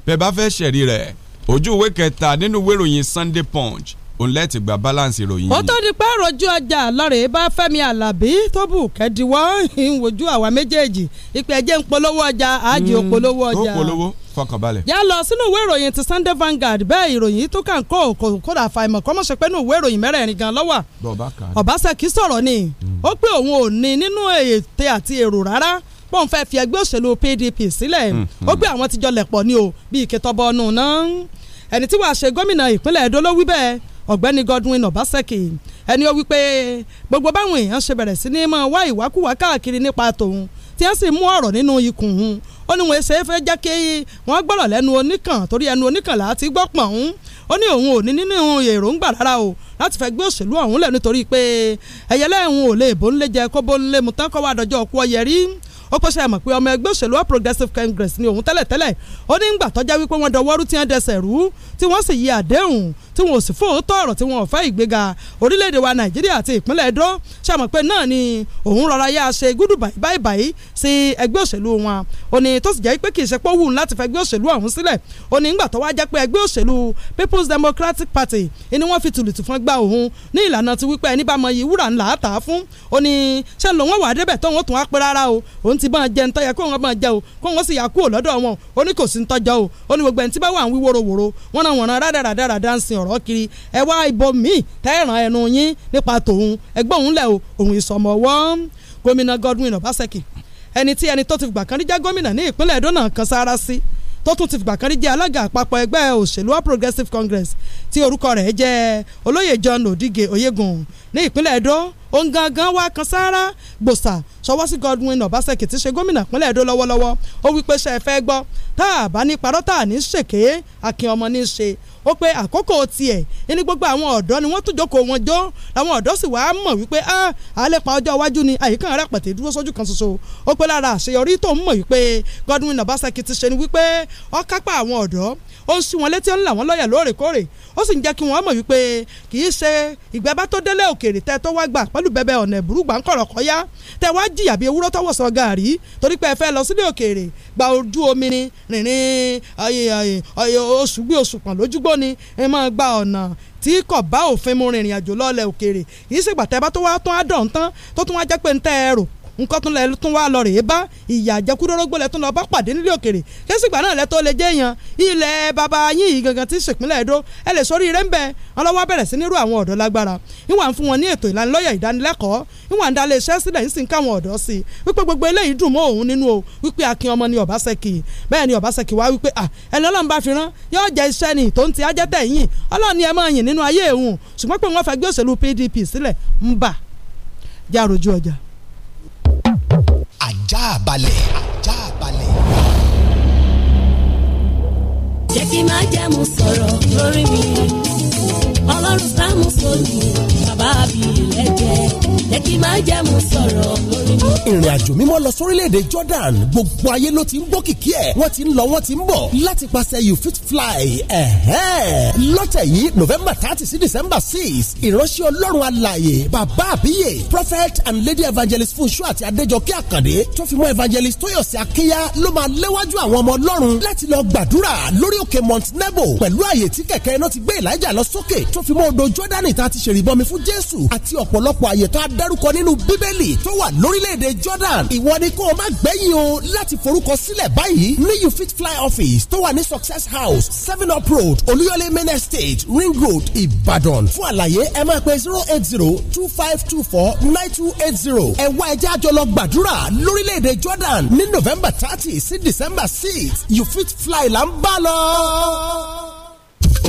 bẹ́ẹ̀ bá fẹ́ ṣẹ̀rí rẹ̀ ojú ìwé kẹta nínú ìwé ìròyìn Sunday Punch òun lẹ́ẹ̀tì gba balance ìròyìn ó tó di pé rojú ọjà lọ́rẹ̀ bá Fẹ́mi Alábí tó bù kẹ́díwọ́ ìwòjú [laughs] àwa méjèèjì ìpè ẹ̀jẹ̀ ń polówó ọjà àjò hmm. polówó ọjà fọkànbalẹ̀. yà á lọ sínú ìwé ìròyìn ti Sunday Vanguard bẹ́ẹ̀ ìròyìn yìí tún kà ń kó kódà fàìmọ̀ kọ́mọ̀ṣẹ́ pé nínú ìwé ìròyìn mẹ́rẹ̀ẹ̀rin gan lọ́wà. Ọbaṣẹ́kì sọ̀rọ̀ ni hmm. ó pé òun ò ní nínú ète àti èrò rárá pọ́n fẹ́ fi ẹgbẹ́ òṣèlú PDP sílẹ̀ hmm, hmm. ó pé àwọn ti jọlẹ̀ pọ̀ ni o bí ìkẹtọ́bọnú náà ẹni tí wàá ṣe gómìnà ìpínlẹ̀ Ẹdó ló wí bẹ́ẹ̀ ọ̀gbẹ́ni Godwin Ọbaṣẹ́kì ẹni ó wí pé gbogbo báwọn èèyàn ṣe bẹ̀rẹ̀ sí ní máa wá ìwákùwá káàkiri nípa tòun tí wọ́n sì mú ọ̀rọ̀ nínú ikùn ó ní wọn ṣe é fẹ́ jẹ́ kí wọ́n gbọ́rọ̀ lẹ́nu oníkàn torí ẹnu oníkàn là á ti gbọ́ pọ̀ ń ó ní òun ò ní nínú èròǹgbà rárá o láti fẹ́ gbé òṣèlú ọ̀hún lẹ̀ nítorí pé ẹ̀yẹlẹ́ òun ò lè bó ńlé jẹ kó bó ńlé mu tán kọ́ wá dọjọ́ ọkú ọyẹ rí ó pèsè àmọ̀ pé ọmọ ẹgbẹ́ òṣèlú All Progressives Congress ni òun tẹ́lẹ̀tẹ́lẹ̀ ó ní ń gbà tọ́já wípé wọ́n dọwọ́rú tí wọ́n dẹsẹ̀ rú tí wọ́n sì yí àdéhùn tí wọn ò sì fún òótọ́ ọ̀rọ̀ tí wọn ò fẹ́ ìgbéga orílẹ̀-èdè wa nàìjíríà àti ìpínlẹ̀ ẹ̀dó ṣàmọ̀ pé náà ni òun rọra yá ṣe gúdù báyìí báyìí sí ẹgbẹ́ òṣèlú wọn ó ní tó sì jẹ́ pé kì í ṣe pé ó wù láti fẹ́ ẹgbẹ́ òṣèlú ọ̀hún sílẹ̀ ó ní ńgbà tó wá jẹ́ pé ẹgbẹ́ òṣèlú People's Democratic Party ni wọ́n fi tùlùtù fún gba òun ní ìlànà ti wípé ẹni bá mọ iye wúrà ńlá àtà fún ó ní ṣé ló wọ́n wà débẹ̀ tó wọ́n tún á pé rárá o òun ti bọ́n jẹ ń tọ́yẹ kó wọ́n bọ́n jẹ o kó wọ́n sì yà kúrò lọ́dọ̀ wọn ó ní kò sí ń tọ́jọ́ o ó ní gbogbo ẹni tí bá wà ń wí wòrowòro ọ̀rọ̀ kiri ẹ wá ibòmíì tẹ́ẹ̀ràn ẹnu yín nípa tòun ẹgbọ́n òun lẹ̀ o òun ìsọmọ ọwọ́ gómìnà Godwin Obaseki ẹni tí ẹni tó ti fìgbà kan rí jẹ́ gómìnà ní ìpínlẹ̀ Edo náà kan sára sí tó tún ti fìgbà kan rí jẹ́ alága àpapọ̀ ẹgbẹ́ òṣèlú All Progressives Congress tí orúkọ rẹ̀ jẹ́ olóyè John Odige Oyegun ní ìpínlẹ̀ Edo òun gangan wá kan sáárá gbòòsà ṣọwọ́ Godwin Obaseki tí ṣe gómìnà pínlẹ̀ Èdó lọ́wọ́lọ́wọ́ ó wí pé ṣe é fẹ́ gbọ́ tá a bá ní parọ́ tá a ní ṣèké akin ọmọ ní ṣe ó pé àkókò tiẹ̀ ní gbogbo àwọn ọ̀dọ́ ni wọ́n tún jókòó wọn jó àwọn ọ̀dọ́ sì wá mọ̀ wípé a ah, àlépa ọjọ́ iwájú ni àyíká rẹ̀ pàtẹ́ dúró sójú kan ṣoṣo ó pé lára àṣeyọrí tó ń mọ̀ wípé Godwin Obaseki ti ṣe ni wípé ó kápá àwọn ọ̀dọ́ ó ń sí wọn létí ó ń là wọ́n lọ́yà lóòrèkóòrè ó sì ń jẹ́ kí wọ́n mọ̀ wípé kì í ṣe ìgbà bá tó délé òkèèrè tẹ́ tó wá gbà pẹ̀lú bẹ́bẹ́ ọ̀nà ìbúrúgbà ń kọ̀rọ̀ kọ́yá tẹ́ wá jìyà bí ewúrọ́ tọ́wọ́ sọ gàárì torí pé ẹ fẹ́ lọ sílé òkèèrè gba ojú omi ni rìnrìn oṣù gbé oṣù pọ̀n lójúgbó ni ẹ máa gba ọ̀nà tí kò bá òfin mu rìnrìn àjò lọ́lẹ̀ òkèèrè kì í ṣègbà tẹ́ bá tó wá tán á dọ̀ nǹkan tún lẹ tún wá lọ rèé bá ìyà àjẹkúrórógbó lẹ tún lọ bá pàdé nílé òkèrè késìgbà náà lẹ tó lè jẹ́ èèyàn ilẹ̀ bàbá yín yìí gangan ti ṣèpínlẹ̀ Ẹdó ẹ lè sọ oríire ń bẹ ọlọ́wọ́ bẹ̀rẹ̀ sí nírú àwọn ọ̀dọ́ lágbára ìwà ń fún wọn ní ètò ìlanilọ́yẹ̀ ìdánilẹ́kọ̀ọ́ ìwà ń da ilé iṣẹ́ sílẹ̀ ń sì ń káwọn ọ̀dọ́ sí wípé gbogbo eléyìí dùn mọ́ òun nínú o wípé akin ọmọ ni Ọbaṣẹ́kì bẹ́ẹ̀ ni Ọbaṣẹ́kì wá wípé ẹni Ọlọ́run bá fi rán yóò jẹ iṣẹ́ ni tó ń ti ajẹ́tẹ̀ yìn Ọlọ́run ni ẹ máa yìn nínú ayé òun ṣùgbọ́n pé wọ́n fẹ́ gbé òṣèlú PDP sílẹ̀ ń bà járojú ọjà ajá balẹ̀. ajá balẹ̀. jẹ́ kí má jẹ́ mu sọ̀rọ̀ lórí mi ọlọ́run sáà mú sóòlù bàbá mi lẹ́jẹ̀ẹ́ jẹ́ kí máa jẹ́ mu sọ̀rọ̀. ìrìn àjò mímọ́ lọ sórílẹ̀-èdè Jordan gbogbo ayé ló ti ń gbọ́ kìkì ẹ̀ wọ́n ti ń lọ wọ́n ti ń bọ̀ láti pàṣẹ you fit fly lọ́tẹ̀ yìí November thirty sí December six ìránṣẹ́ Ọlọ́run alaye bàbá àbíyè prophet and lady evangelist Fúnṣọ́ àti Adéjọkẹ́ Àkàndé tó fi mọ́ evangelist Tóyọ̀sí Akínyà ló máa léwájú àwọn ọmọ Ọlọ́run láti lọ gbàdúrà lórí òkè Mount Nebo pẹ̀lú àyè tí kẹ̀kẹ́ iná ti gbé Èlíjà lọ sókè tó fi mọ́ odò Jordan tá a ti ṣèrìbọmi fún Jésù àti ọ̀pọ̀lọpọ̀ àyè tó a dárúkọ nínú bíbélì tó wà lórílẹ̀‐èdè Jordan ìwọ ni kó o má gbẹ̀yìn o láti forúkọ sílẹ̀ báyìí ní you fit fly office tó wà ní success house seven up road olúyọlé main estate ring road Ìbàdàn fún àlàyé ẹ máa pe zero eight zero two five two four nine two eight zero ẹ wá ẹjẹ́ àjọ lọ gbàdúrà lórílẹ̀‐èdè Jordan ní November thirty sí December six you fit fly là ń bá lọ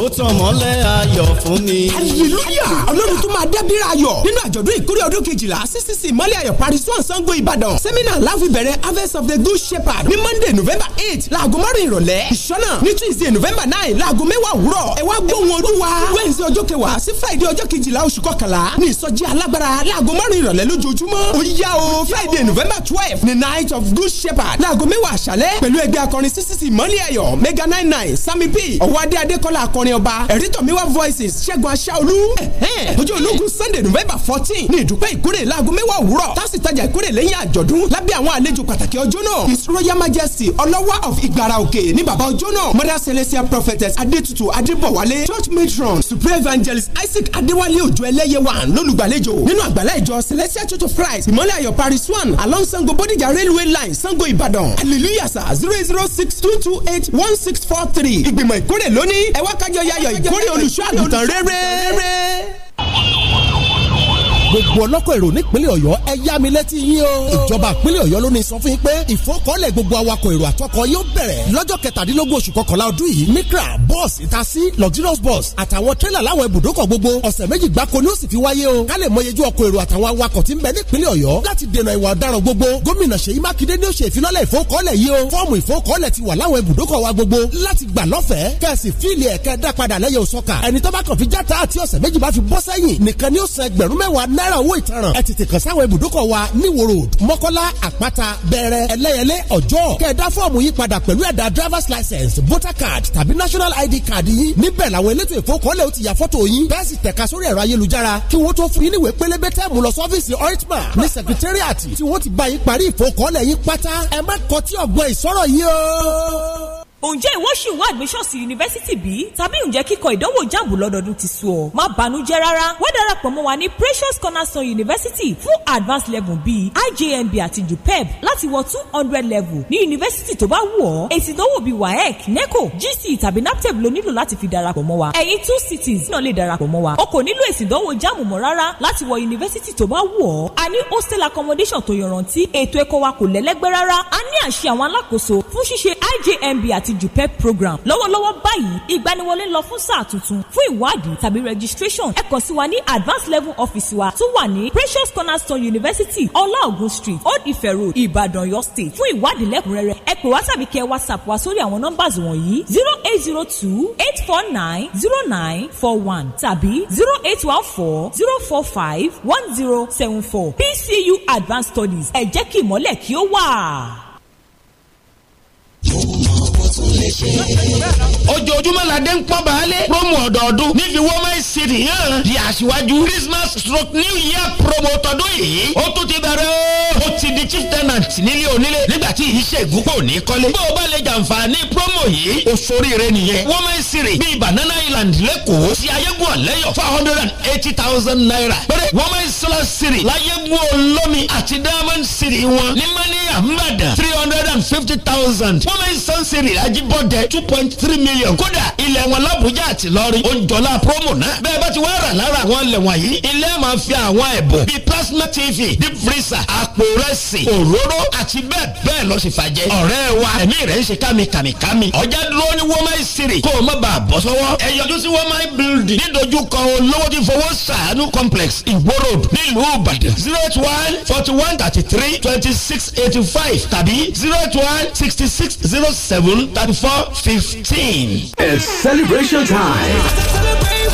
ó tàn mọ́lẹ̀ ayọ̀ fún mi. hallelujah ọlọ́run tó máa dábìrì ayọ̀ nínú àjọ̀dún ìkórè ọdún kejìlá ccc mọ́lẹ̀ ayọ̀ paris one sango ìbàdàn sẹ́mínà láfi bẹ̀rẹ̀ harvest of the good shepherd ní monday november eight laago márùn ìrọ̀lẹ́ ìṣọ́nà ní tuesday november nine laago mẹ́wàá òwúrọ̀ ẹ wá gbóhùn olúwa wednesday ọjọ́ kẹwàá sí friday ọjọ́ kejìlá oṣù kọkànlá ní ìsọjí alágbára laago márùn ìrọ̀lẹ́ lójoojúmọ́ ó yá o friday november twelve ní night of good shepherd laago mẹ́wàá àṣálẹ́ pẹ̀lú ẹgbẹ́ akọrin ccc mọ́lẹ̀ ayọ̀ mega nine nine sami p ọ̀wádé adékọ́lá akọrin akọrin ọba ẹ̀rítọ̀míwá voices ṣẹ́gun aṣáolú ọjọ́ ológun sunday november fourteen ní ìdúpẹ́ ìkórè láago mẹ́wàá òwúrọ̀ tásìtajà ìkórè lẹ́yìn àjọ̀dún lábẹ́ àwọn àlejò pàtàkì ọjọ́ náà his royal majesty ọlọ́wà of ìgbàrà òkè ní bàbá ọjọ́ náà mother celestial prophetess adétutù adébọ̀wálé church matron supreme evangelist isaac adéwálé òjò ẹlẹ́yẹ wà lólùgbàlejò nínú àgbàlá ìjọ celestial church of christ ìmọ̀lẹ̀ ayọ̀ paris one along sango bodijà railway line sango ìbàdàn hallelujah sir zero zero six two two eight one six four three ìgbìmọ̀ ìkórè lónìí ẹ wá káj ayẹyẹ ayọ̀ ìkórè olùṣọ́ àgùntàn rere gbogbo ọlọ́kọ̀ èrò nípínlẹ̀ ọ̀yọ́ ẹ yá mi létí yín o. ìjọba ìpínlẹ̀ ọ̀yọ́ ló ní sọ fún yín pé ìfọkànlẹ̀ gbogbo awakọ̀ èrò àtọkọ̀ yóò bẹ̀rẹ̀ lọ́jọ́ kẹtàdínlógún oṣù kọkànlá ọdún yìí micra bus itasi luxurious bus àtàwọn tírélà láwọn ibùdókọ̀ gbogbo ọ̀sẹ̀ méjì gbáko ni ó sì fi wáyé o. ká lè mọ iyejú ọkọ̀ èrò àtàwọn awakọ̀ tí ń bẹ nípínlẹ̀ ọ̀yọ́ láti dènà ìwà ọ̀daràn gbogbo gómìnà ṣèyí mákindé ni ó ṣe ìfilọ́lẹ̀ ìfowókọ́lẹ̀ yìí o. fọ́ọ̀mù ìfowókọ́lẹ̀ ti wà láwọn ibùdókọ̀ wa gbogbo láti gbà lọ́fẹ̀ẹ́ kẹ́sì fíìlì ẹ̀kẹ́ dá náírà owó ìtanràn ẹ tètè kàn sáwọn ibùdókọ̀ wa níwòrò mọ́kọ́lá àpáta bẹ̀rẹ̀ ẹlẹ́yẹlé ọjọ́ kẹ̀dá fọ́ọ̀mù yìí padà pẹ̀lú ẹ̀dà driver's license voter card tàbí national id card yìí níbẹ̀ làwọn elétò ìfowópamọ́ ó ti yà fọ́tò yín bẹ́ẹ̀ sì tẹ̀ka sórí ẹ̀rọ ayélujára kí wọ́n tó fún yín níwèé pélébé tẹ́ẹ̀mù lọ sọ́fíìsì oritma ní secretariat tí wọ́n ti bá yín parí ìfowópamọ́ yín pátá ẹ má kọtí ọ̀gbọ́n ìsọ̀rọ̀ yìí o ǹjẹ́ ìwọ ṣì wá admission sí yunifásítì bí? tàbí ǹjẹ́ kíkọ ìdánwò jáàbù lọ́dọọdún ti sú ọ? má banújẹ́ rárá wọ́n darapọ̀ mọ́ wa ní Precious Cornerstone University fún advanced level bíi IJMB àti JUPEB láti wọ two hundred level ní yunifásítì tó bá wù ọ́ èsì ìdánwò bíi WAEC NECO GC tàbí NAPTEP e ló nílò láti fi darapọ̀ mọ́ wa ẹ̀yin two cities náà lè darapọ̀ mọ́ wa o kò nílò èsì ìdánwò jáàmù mọ́ rárá láti wọ yunifásítì tó bá wù ọ́ a ní hostel accommodation tó yọrantí ètò ẹ̀kọ́ wa kò lẹ́lẹ́gbẹ́ rárá a ní àṣẹ àwọn alákòóso fún ṣíṣe IJMB àti jupep program lọ́wọ́lọ́wọ́ báyìí ìgbaniwọlé lọ fún sáà tuntun fún ìwádìí tàbí registration ẹ kàn sí wa ní advanced level office wa tó wà ní precious cornerstone university ọláògùn street old ife road ìbàdàn yọ state fún ìwádìí lẹ́kùnrẹ́rẹ́ ẹ pè wá tàbí kẹ whatsapp wa sórí àwọn nọ́mbàs wọ̀nyí zero eight zero two eight four nine zero nine four one tàbí zero eight one four zero four five one zero seven four pcu advanced studies ẹ jẹ́ kí ìmọ́lẹ̀ kí ó wà tún lè ṣe. ojoojúmọ́ la dé ń pọ́n baálé promo ọ̀dọ́ọdún níbi wọ́mọ̀ ìṣèlú yẹn di aṣíwájú christmas stroke new year promo tọdún yìí ó tún ti bẹ̀rẹ̀ ó ti di chief tenant nílé onílé nígbà tí ìṣègùn kò ní kọ́lé bó o bá lè jàǹfààní promo yìí ó ṣoríire nìyẹn wọ́mọ̀ ìṣèlú bíi banana island lẹ́kọ̀ọ́ ti ayégun ọ̀lẹ́yọ̀ four hundred and eighty thousand naira péré wọ́mọ̀ ìṣèlú city láyégun olómi àti diamond city wọn ní mẹ́ni three hundred and fifty thousand wọ́mọ̀ ìṣèlú city Ajibọdẹ two point three million kódà ilẹ̀ wọn l'Àbújá àti Ìlọrin ó promo náà bẹ́ẹ̀ bá ti wá rà lára àwọn ilẹ̀ wọ̀nyí ilé máa fi àwọn ẹ̀bùn bíi plasma TV deep freezer àpò rẹsì òróró àti bẹ́ẹ̀ bẹ́ẹ̀ lọ sì fàjẹ́ ọ̀rẹ́ wa ẹ̀mí rẹ̀ ń ṣe kàmìkàmìkàmì ọjà dúró ní wọ́máì sírì kó o má bàa bọ́ sọ́wọ́ ẹ yọjú sí wọ́máì building nídojúkọ complex Ìgbó road nílùú zero one forty one thirty three twenty six eighty five tàbí zero one sixty six zero seven thirty-four fifteen. It's celebration time.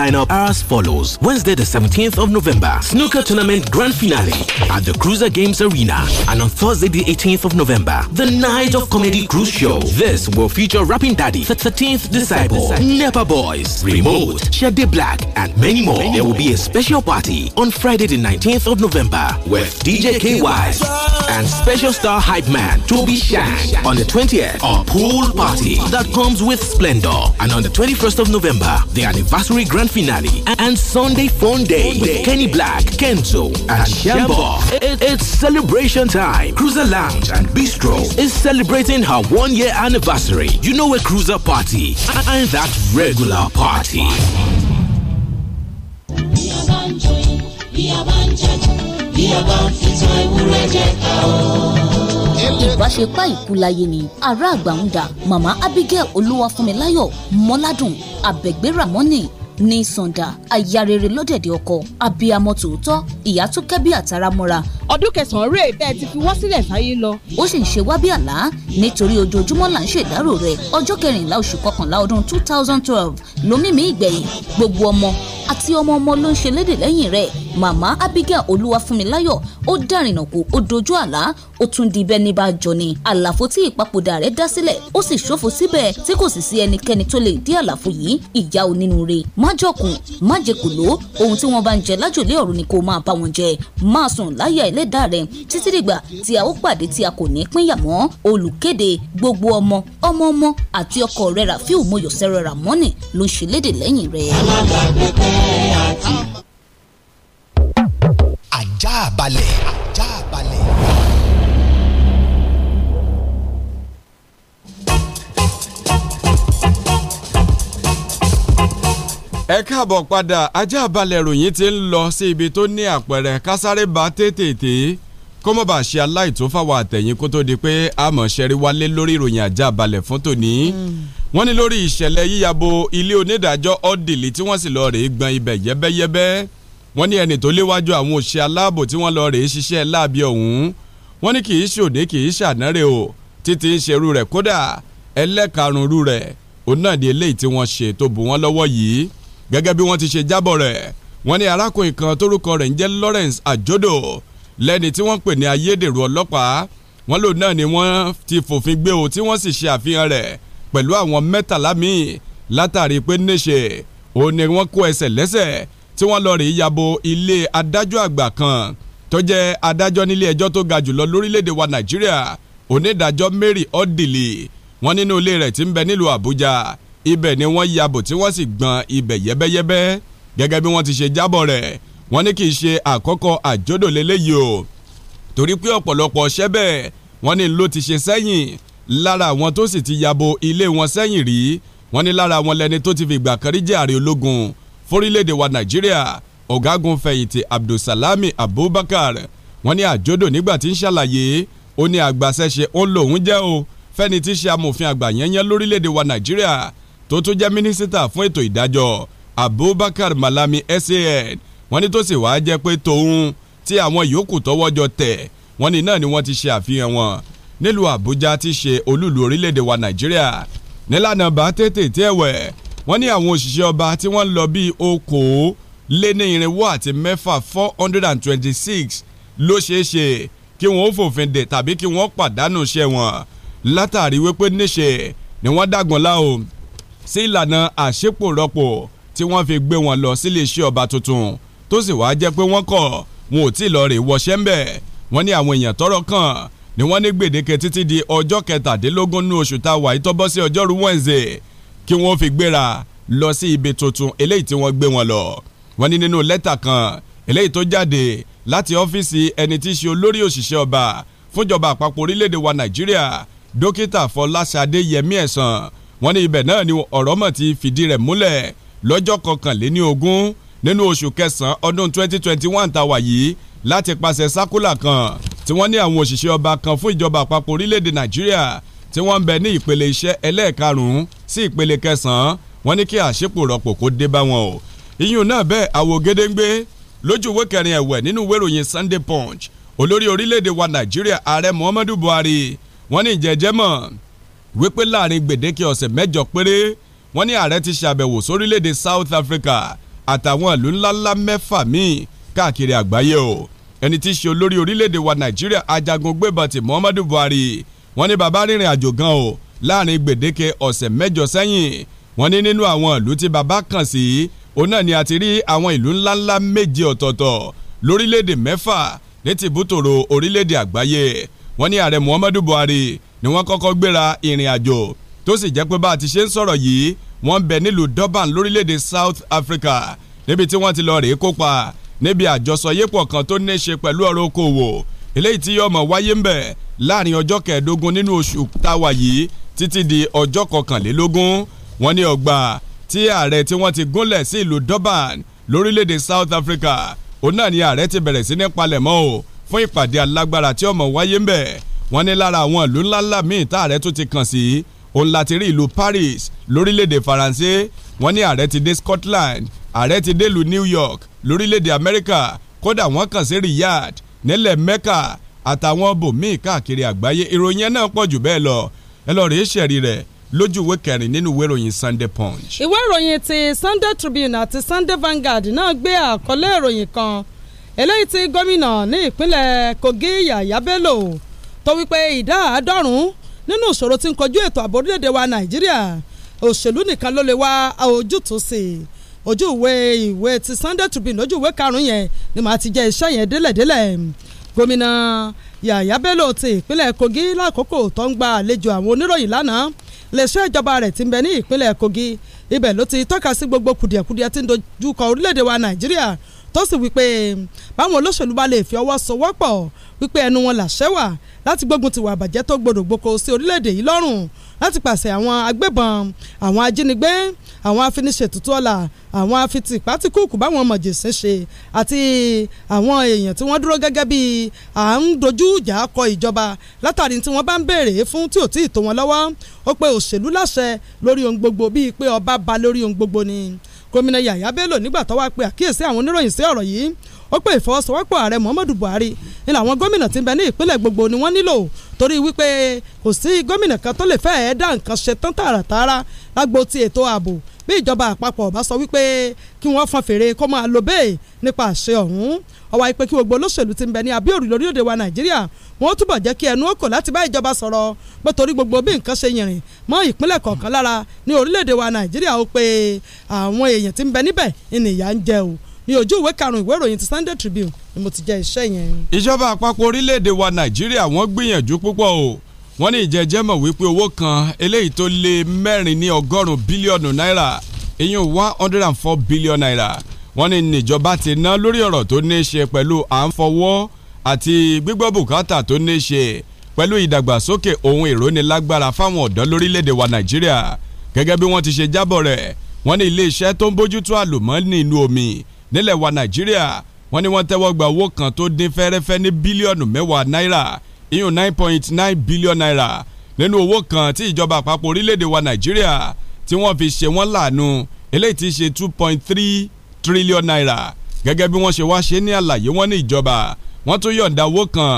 lineup are as follows. Wednesday, the 17th of November, Snooker Tournament Grand Finale at the Cruiser Games Arena. And on Thursday, the 18th of November, the Night of Comedy Cruise Show. This will feature Rapping Daddy, The 13th Disciple, Nepa Boys, Remote, Shade Black, and many more. There will be a special party on Friday, the 19th of November with DJ KY and special star hype man Toby Shang on the 20th. A pool party that comes with splendor. And on the 21st of November, the anniversary Grand finale and Sunday fun day with Kenny Black, Kenzo, and Shambo. It's celebration time. Cruiser Lounge and Bistro is celebrating her one year anniversary. You know a cruiser party and that regular party. ìbáṣepá ìkúláyé ni ará àgbà ń dà mama Abigail Olúwafúnmiláyọ̀ Mọ́ládùn Abẹ̀gbẹ́ramọ́nì ní sàǹdà aya rere lọ́dẹ̀dẹ̀ ọkọ abiyamọ tòótọ́ ìyá tó kẹ́ bí àtàrà mọ́ra. ọdún kẹsàn-án rèé bẹ́ẹ̀ ti fi wọ́n sílẹ̀ sáyé lọ. ó sì ń ṣe wá bí àlá nítorí ojoojúmọ́ là ń ṣèdárò rẹ̀ ọjọ́ kẹrìnlá oṣù kọkànlá ọdún two thousand twelve lómìnì ìgbẹ̀yìn gbogbo ọmọ àti ọmọ ọmọ ló ń ṣe lédè lẹ́yìn rẹ̀ màmá Abigail Olúwafúnmiláyọ̀ ó dẹ̀rìnà kù ó dojú àlá ó tún di bẹ́ẹ̀ ní bá jọ ni àlàfo tí ìpapòdà rẹ̀ dá sílẹ̀ ó sì ṣòfò síbẹ̀ tí kò sì sí ẹnikẹ́ni tó lè dí àlàfo yìí ìyá onínúure májọkùn májèkòló ohun tí wọ́n bá ń jẹ lájòlé ọ̀run ni kó máa bá wọn jẹ máa sùn láyà ẹlẹ́dàá rẹ̀ títí dìgbà tí a ó pàdé tí a kò ní pínyà mọ́ olùkéde gbogbo ọmọ ọmọ ọmọ àti ọkọ rẹ̀ Rafiu Moyọ̀sẹ́rẹ́ Ramoni ló ń ṣe léde lẹ́yìn rẹ̀. alábàágbé pé àti ajá balẹ̀ ajá balẹ̀. ẹ káàbọ̀ padà ajá balẹ̀ ròyìn ti ń lọ sí ibi tó ní àpẹẹrẹ kásáré bá tètè kó mọ̀ bá ṣe aláìtó fáwọn àtẹ̀yìn kó tó di pé àmọ̀ṣẹ́rí wálé lórí ìròyìn ajá balẹ̀ fún tòní hmm. wọ́n ní lórí ìṣẹ̀lẹ̀ yíyabo ilé onídàájọ́ ọ́dìlì tí wọ́n sì lọ rèé gbọn ibẹ̀ yẹ́bẹ́yẹ́bẹ́ wọ́n ní ẹni tó léwájú àwọn òṣìṣẹ́ aláàbò tí wọ́n lọ rèé ṣiṣẹ́ láàbí ọ̀hún wọ́n ní kì í ṣòdè kì í ṣànárẹ̀ o títí ń ṣerú rẹ̀ kódà ẹlẹ́karùnrú rẹ̀ òun náà ni eléyìí tí wọ́n ṣe tó bù wọ́n lọ́wọ́ yìí gẹ́gẹ́ bí wọ́n ti ṣe jábọ̀ rẹ̀ wọ́n ní arákùnrin kan tórúkọ rẹ̀ ń jẹ́ Lawrence Ajodo lẹ́ni tí wọ́n pè ní ayédèrú ọlọ́pàá wọ́n lò ni wọ́n ti fòfin gbé o tí wọ́n sì ṣe àfihàn rẹ̀ pẹ̀lú àwọn mẹ́tàlá míì látàrí pé níṣe òun tí wọ́n lọ rèé yabo ilé adájọ́ àgbà kan tó jẹ́ adájọ́ nílé ẹjọ́ tó ga jùlọ lórílẹ̀‐èdè wa Nàìjíríà onídàájọ́ Mary Odili wọ́n nínú ilé rẹ̀ tí ń bẹ nílùú Àbújá ibẹ̀ ni wọ́n yabo tí wọ́n sì gbọn ibẹ̀ yẹ́bẹ́yẹ́bẹ́ gẹ́gẹ́ bí wọ́n ti ṣe jábọ̀ rẹ̀ wọ́n ní kì í ṣe àkọ́kọ́ àjọdò lélẹ́yìí o torí pé ọ̀pọ̀lọpọ̀ ọṣẹ́ bẹ́ẹ̀ wọ́n ní ló ti ṣe sẹ́yìn lára àwọn tó sì ti yabo ilé wọn sẹ́yìn rí wọ́n ní lára wọn lẹni tó ti fi gbà jẹ́ ààrẹ ológun fórílẹ̀-èdè wa nàìjíríà ọ̀gágun fẹ̀yìntì abdulsalami abubakar wọ́n ní àjọdò nígbà tí ń ṣàlàyé ó ní àgbàṣẹ́ṣe ó lòun jẹ́ o fẹ́ni tí í ṣe amòfin àgbà yẹnyẹn lórílẹ̀‐èdè wa nàìjíríà tó tún jẹ́ mínísítà fún ètò ìdájọ́ abubakar malami san wọ́n ní tó sì wáá jẹ́ pé tòun tí àwọn yòókù tọwọ́jọ tẹ̀ wọ́n ní náà ni wọ́n ti ṣe àfihàn wọn nílùú àbújá tí ṣe olúùlú orílẹ̀‐èdè wa nàìjíríà nílànà bá tètè tí wọ́n ní àwọn òṣìṣẹ́ ọba tí wọ́n lọ bíi okòó lé ní irinwó àti mẹ́fà four hundred and twenty six ló ṣeé ṣe kí wọ́n ó fòfin dè tàbí kí wọ́n pàdánù iṣẹ́ wọn látàrí wípé níṣe ni wọ́n dàgbọ́n lá o sí ìlànà àṣepòrọ́pò tí wọ́n fi gbé wọn lọ sílé iṣẹ́ ọba tuntun tó sì wáá jẹ́ pé wọ́n kọ̀ wọn ò tí ì lọ rè wọṣẹ́ ń bẹ̀ wọ́n ní àwọn èèyàn tọ́rọ̀ kàn ni wọ́n ní gbèdéke títí di ọjọ́ kẹtàdínlógún ní oṣù tá a wà yìí tó bọ́ kí wọ́n fi gbéra lọ sí ibi tuntun eléyìí tí wọ́n gbé wọn lọ wọ́n ní nínú lẹ́tà kan eléyìí tó jáde láti ọ́fíìsì ẹni tí í ṣe olórí òṣìṣẹ́ ọba fúnjọba àpapọ̀ orílẹ̀-èdè wa nàìjíríà dókítà fọláṣadé yẹmí ẹ̀sán wọ́n ní ibẹ̀ náà ni ọ̀rọ̀ mọ̀ ti fìdí rẹ̀ múlẹ̀ lọ́jọ́ kọkànléní ogún nínú oṣù kẹsàn-án ọdún 2021 tàwa yìí láti pàṣẹ sákúlà kan tí wọ́n ní àwọn òṣìṣẹ́ ọba kan fún ìjọba àpapọ̀ orílẹ̀-èdè nàìjíríà tí wọ́n ń bẹ ní ìpele iṣẹ́ ẹlẹ́ẹ̀karùn-ún sí ìpele kẹsàn-án wọ́n ní kí àṣepò rọpò kó dé bá wọn o iyùn náà bẹ́ẹ̀ àwò gédéǹgbé lójú ìwé kẹrin ẹ̀wẹ̀ nínú ìwé ìròyìn Sunday Punch olórí orílẹ̀-èdè wa Nàìjíríà ààrẹ Muhammadu Buhari wọ́n ní ìjẹ́jẹ́ mọ̀ wípé láàrin gbèdéke ọ̀sẹ̀ mẹ́jọ péré wọ́n ní ààrẹ ti ṣàbẹ̀wò sórílẹ̀-èdè South Africa àtàwọn ìlú ńláńlá mẹ́fà míì káàkiri àgbáyé o ẹni tí í ṣe olórí orílẹ̀-èdè wa Nàìjíríà ajagun gbébọn ti Muhammadu Buhari wọ́n ní bàbá rìnrìn àjò gan o láàrin gbèdéke ọ̀sẹ̀ mẹ́jọ sẹ́yìn wọ́n ní nínú àwọn ìlú tí bàbá kàn sí òun náà ni a ti rí àwọn ìlú ńláńlá méje ọ̀tọ̀ọ̀tọ̀ lórílẹ̀‐èdè mẹ́fà ní tìbútòrò orílẹ̀‐èdè àgbáyé wọ́n ní ààrẹ Muhammadu Buhari ni wọ́n kọ́kọ́ gbéra ìrìn àjò tó sì jẹ́ pé bá a ti ṣe ń sọ̀rọ̀ yìí wọ́n ń bẹ nílùú Durban lórílẹ̀‐èdè South Africa níbi tí wọ́n ti lọ rèé kópa níbi àjọsọyépọ̀ kan tó ní í ṣe pẹ̀lú ọ̀rọ̀ okòwò eléyìí tí yọmọ wáyé ń bẹ̀ láàrin ọjọ́ kẹẹ̀ẹ́dógún nínú oṣù táwa yìí títí di ọjọ́ kọkànlélógún wọ́n ní ọgbà tí ààrẹ tí wọ́n ti gúnlẹ̀ sí ìlú Durban lórílẹ̀‐èdè South Africa òun náà ni ààrẹ ti bẹ̀rẹ̀ sí ní palẹ̀mọ́ o fún ìpàdé alágbára tí ọmọ wáyé ń bẹ̀ wọ́n ní lára àwọn ìlú ńláńlá míì tá ààrẹ tún ti kàn sí òun láti rí ìlú Paris lórílẹ̀‐èdè Faransé wọ́n ní ààrẹ ti dé Scotland ààrẹ ti dé ìlú New York lórílẹ̀‐èdè America kódà wọ́n kàn sí Riyadh nílẹ̀ Mecca àtàwọn bòmíì káàkiri àgbáyé ìròyìn ẹ̀ náà pọ̀ jù bẹ́ẹ̀ lọ ẹ lọ́ọ́ rèé ṣẹ̀rí rẹ̀ lójú ìwé kẹrin nínú ìwé ìròyìn Sunday Punch. ìwé ìròyìn ti Sunday Tribune àti Sunday Vanguard náà gbé àkọlé ìròyìn kan eléyìí tí gómìnà ní ìpínlẹ̀ Kogi Yàyà Bello tó wípé ìdá àádọ́rùn-ún nínú ìṣòro tí ń kojú ètò ààbò orílẹ̀-èdè wa Nàìjíríà òṣèlú nìkan ló lè wá ojútùú sí i ojú ìwé ìwé ti Sunday Tribune lójú ìwé karùn-ún yẹn ni màá ti jẹ iṣẹ́ yẹn délẹ̀délẹ̀ gómìnà Yàyà Bello ti ìpínlẹ̀ Kogi lákòókò tó ń gba àlejò àwọn oníròyìn lánàá lẹ́sọ́ ìjọba rẹ̀ ti ń bẹ ní ìpínlẹ̀ Kogi ibẹ̀ ló ti tọ́ka sí gbogbo kùdìẹ̀kudiẹ tí ń dojúkọ orílẹ̀-èdè wa Nàìjíríà tó sì wípé báwọn olóṣèlú bá lè fi ọwọ́ sowọ́pọ̀ wípé ẹnu wọn làṣẹ wà láti gbógun tiwa àbàjẹ́ tó gbòdògbòkò sí orílẹ̀-èdè yìí lọ́rùn láti pàṣẹ àwọn agbébọn àwọn ajínigbé àwọn afiniṣètùtù ọ̀la àwọn afiti ìpátíkùkù báwọn mọ̀jẹ̀sẹ̀ ṣe àti àwọn èèyàn tí wọ́n dúró gẹ́gẹ́ bí à ń dojú ìjà kọ ìjọba látàrí tí wọ́n bá ń béèrè fún tí ò tí ì tó wọn lọ́wọ́ ó pe òṣèlú láṣẹ lórí ohun gbogbo bíi pé ọba ba lórí ohun gbogbo ni gómìnà Yàyà Bello nígbà tó wá pe àkíyèsí àwọn oníròyìn sí ọ̀rọ̀ yìí ó pé ìfọwọ́sowọ́pọ̀ ààrẹ Muhammadu Buhari ni làwọn gómìnà ti ń bẹ ní ìpínlẹ̀ gbogbo ni wọ́n nílò torí wípé kò sí gómìnà kan tó lè fẹ́ ẹ̀ dá nǹkan ṣe tán tààràtààrà lágbo ti ètò ààbò bí ìjọba àpapọ̀ bá sọ wípé kí wọ́n fọn fèrè kó máa lo bẹ́ẹ̀ nípa àṣẹ ọ̀hún ọwọ́ àìpé kí gbogbo olóṣèlú ti ń bẹ ní abíòrì lórílẹ̀‐èdè wa Nàìjíríà wọ́n túbọ̀ jẹ́ kí ẹnu ọkọ̀ láti bá ìjọba sọ̀rọ̀ pé torí gbogbo bí nǹkan ṣe yìnrìn mọ́ ìpínlẹ̀ kọ̀ọ̀kan lára ní orílẹ̀‐èdè wa Nàìjíríà ó pé àwọn èèyàn ti ń bẹ níbẹ̀ ìnìyà ń jẹ o ní ojú ìwé karùn-ún ìwé ìròyìn ti Sunday Tribune ni mo ti jẹ iṣẹ́ yẹn. ìjọba àpapọ̀ orílẹ̀-èdè wa Nàìjíríà wọ́n gbìyànjú púpọ̀ o wọ́n ní ìjẹ́jẹ́ mọ̀ wípé owó kan eléyìí tó lé mẹ́rin ní ọgọ́rùn-ún bílíọ̀nù náírà ìyún one hundred and four billion naira wọ́n ní níjọba ti ná lórí ọ̀rọ̀ tó ní í ṣe pẹ̀lú à ń fọwọ́ àti gbígbọ́ bùkátà tó ní í ṣe pẹ̀lú ìdàgbàsókè ohun ìrónilágbára fáwọn ọ̀dọ́ lórílẹ̀‐èdè wa Nàìjíríà gẹ́gẹ́ bí wọ́n ti ṣe jábọ̀ rẹ̀ wọ́n ní iléeṣẹ́ tó ń bójútó àlùmọ́ọ́nì inú omi nílẹ̀ wa nàìjíríà wọ́n ní wọ́n tẹ́wọ́ gba owó kan tó dín fẹ́rẹ́fẹ́ ní bílíọ̀nù mẹ́wàá náírà iyùn nine point nine billion naira nínú owó kan tí ìjọba àpapọ̀ orílẹ̀-èdè wa nàìjíríà tí wọ́n fi ṣe wọ́n láàánú eléyìí ti ṣe two point three trillion naira gẹ́gẹ́ bí wọ́n ṣe wá ṣe ní àlàyé wọ́n ní ìjọba wọ́n tún yọ̀ǹda owó kan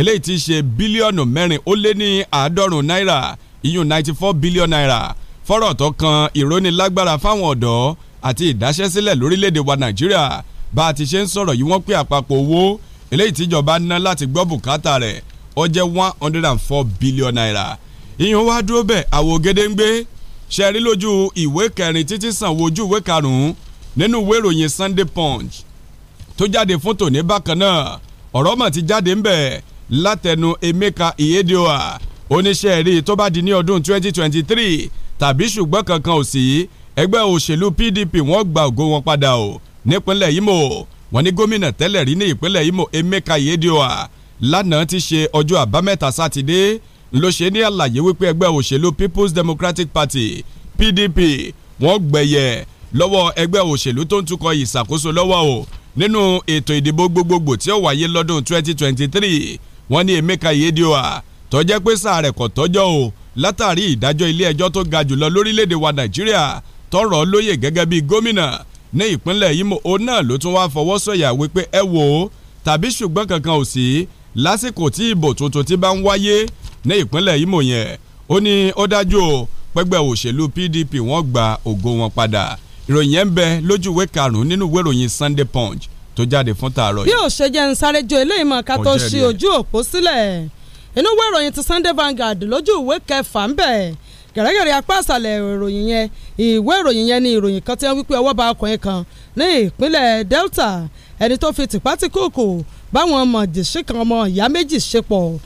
eléyìí ti ṣe bílíọ̀nù mẹ́rin ó lé ní àádọ́rùn náírà iyùn ninety four billion naira fọ́rọ̀ tó kan ìrónilágbára fáwọn ọ̀dọ́ àti ìdáṣẹ́sílẹ̀ lórílẹ̀‐èdè wa nàìjíríà bá a ti ṣe ń sọ̀rọ̀ yìí wọ́n pé àpapọ̀ owó eléyìí tíjọba ná láti gbọ́ bùkátà rẹ̀ ó jẹ́ one hundred and four billion naira ìyẹn wá dúró bẹ́ẹ̀ àwògede ń gbé ṣẹ́rí lójú ìwé kẹrin títí sàn wojú ìwé karùn-ún nínú ìwé ìròyìn Sunday Punch tó jáde fún tòní bákan náà ọ̀rọ̀ mà ti jáde ń bẹ̀ látẹnu Emeka Ihedioa oníṣẹ́ rí tó bá di ní ọdún 2023 tàbí ṣùgbọ́n kankan ò sí ẹgbẹ́ òṣèlú PDP wọ́n gba ògo wọn padà o nípínlẹ̀ Imo wọ́n ní gómìnà tẹ́lẹ̀ rí ní ìpínlẹ̀ Imo Emeka Yedioa lánàá ti ṣe ọjọ́ àbámẹ́ta sátidé ló ṣe ní àlàyé wípé ẹgbẹ́ òṣèlú People's Democratic Party PDP wọ́n gbẹ̀yẹ̀ lọ́wọ́ ẹgbẹ́ òṣèlú tó ń tukọ̀ ìṣàkóso lọ́wọ́ o nínú ètò ìdìbò gbogbogbò tí ó wáyé lọ́dún 2023 wọ́n ní Emeka Yedioa tó jẹ́ pé sáà rẹ̀ kò tọ́jọ́ o látàrí ìdájọ́ ilé ẹjọ́ tó ga jùlọ lórílẹ̀‐èdè wa Nàìjíríà tọrọ lóyè gẹ́gẹ́ bíi gómìnà ní ìpínlẹ̀ Imo òun náà ló tún wáá fọwọ́ sọ̀yà wípé ẹ wò ó tàbí ṣùgbọ́n kankan ò sí lásìkò tí ìbò tuntun ti bá ń wáyé ní ìpínlẹ̀ Imo yẹn ó ní ó dájú o pẹ́gbẹ́ òṣèlú PDP wọ́n gba ògo wọn padà ìròyìn yẹn ń bẹ lójú ìwé karùn-ún nínú ìwé ìròyìn Sunday Punch tó jáde fún tààrọ̀ yìí. bí ó ṣe jẹ́ ń sáré jo ilé ìmọ̀ ká tó ṣe ojú òpó sílẹ̀ inú ìwé ìròyìn ti Sunday Vanguard lójú ìwé kẹfà ń bẹ gẹ̀rẹ́gẹ̀rẹ́ apá àṣàlẹ̀ ìròyìn yẹn ìwé ìròyìn yẹn ni ìròyìn kan tí wọ́n wípé ọwọ́ ba ọkùnrin kan ní ìpínlẹ̀ Delta ẹni tó fi tìpátìkòkò báwọn ọmọ jìṣẹ́ kan ọmọ ìyá méjì ṣe pọ̀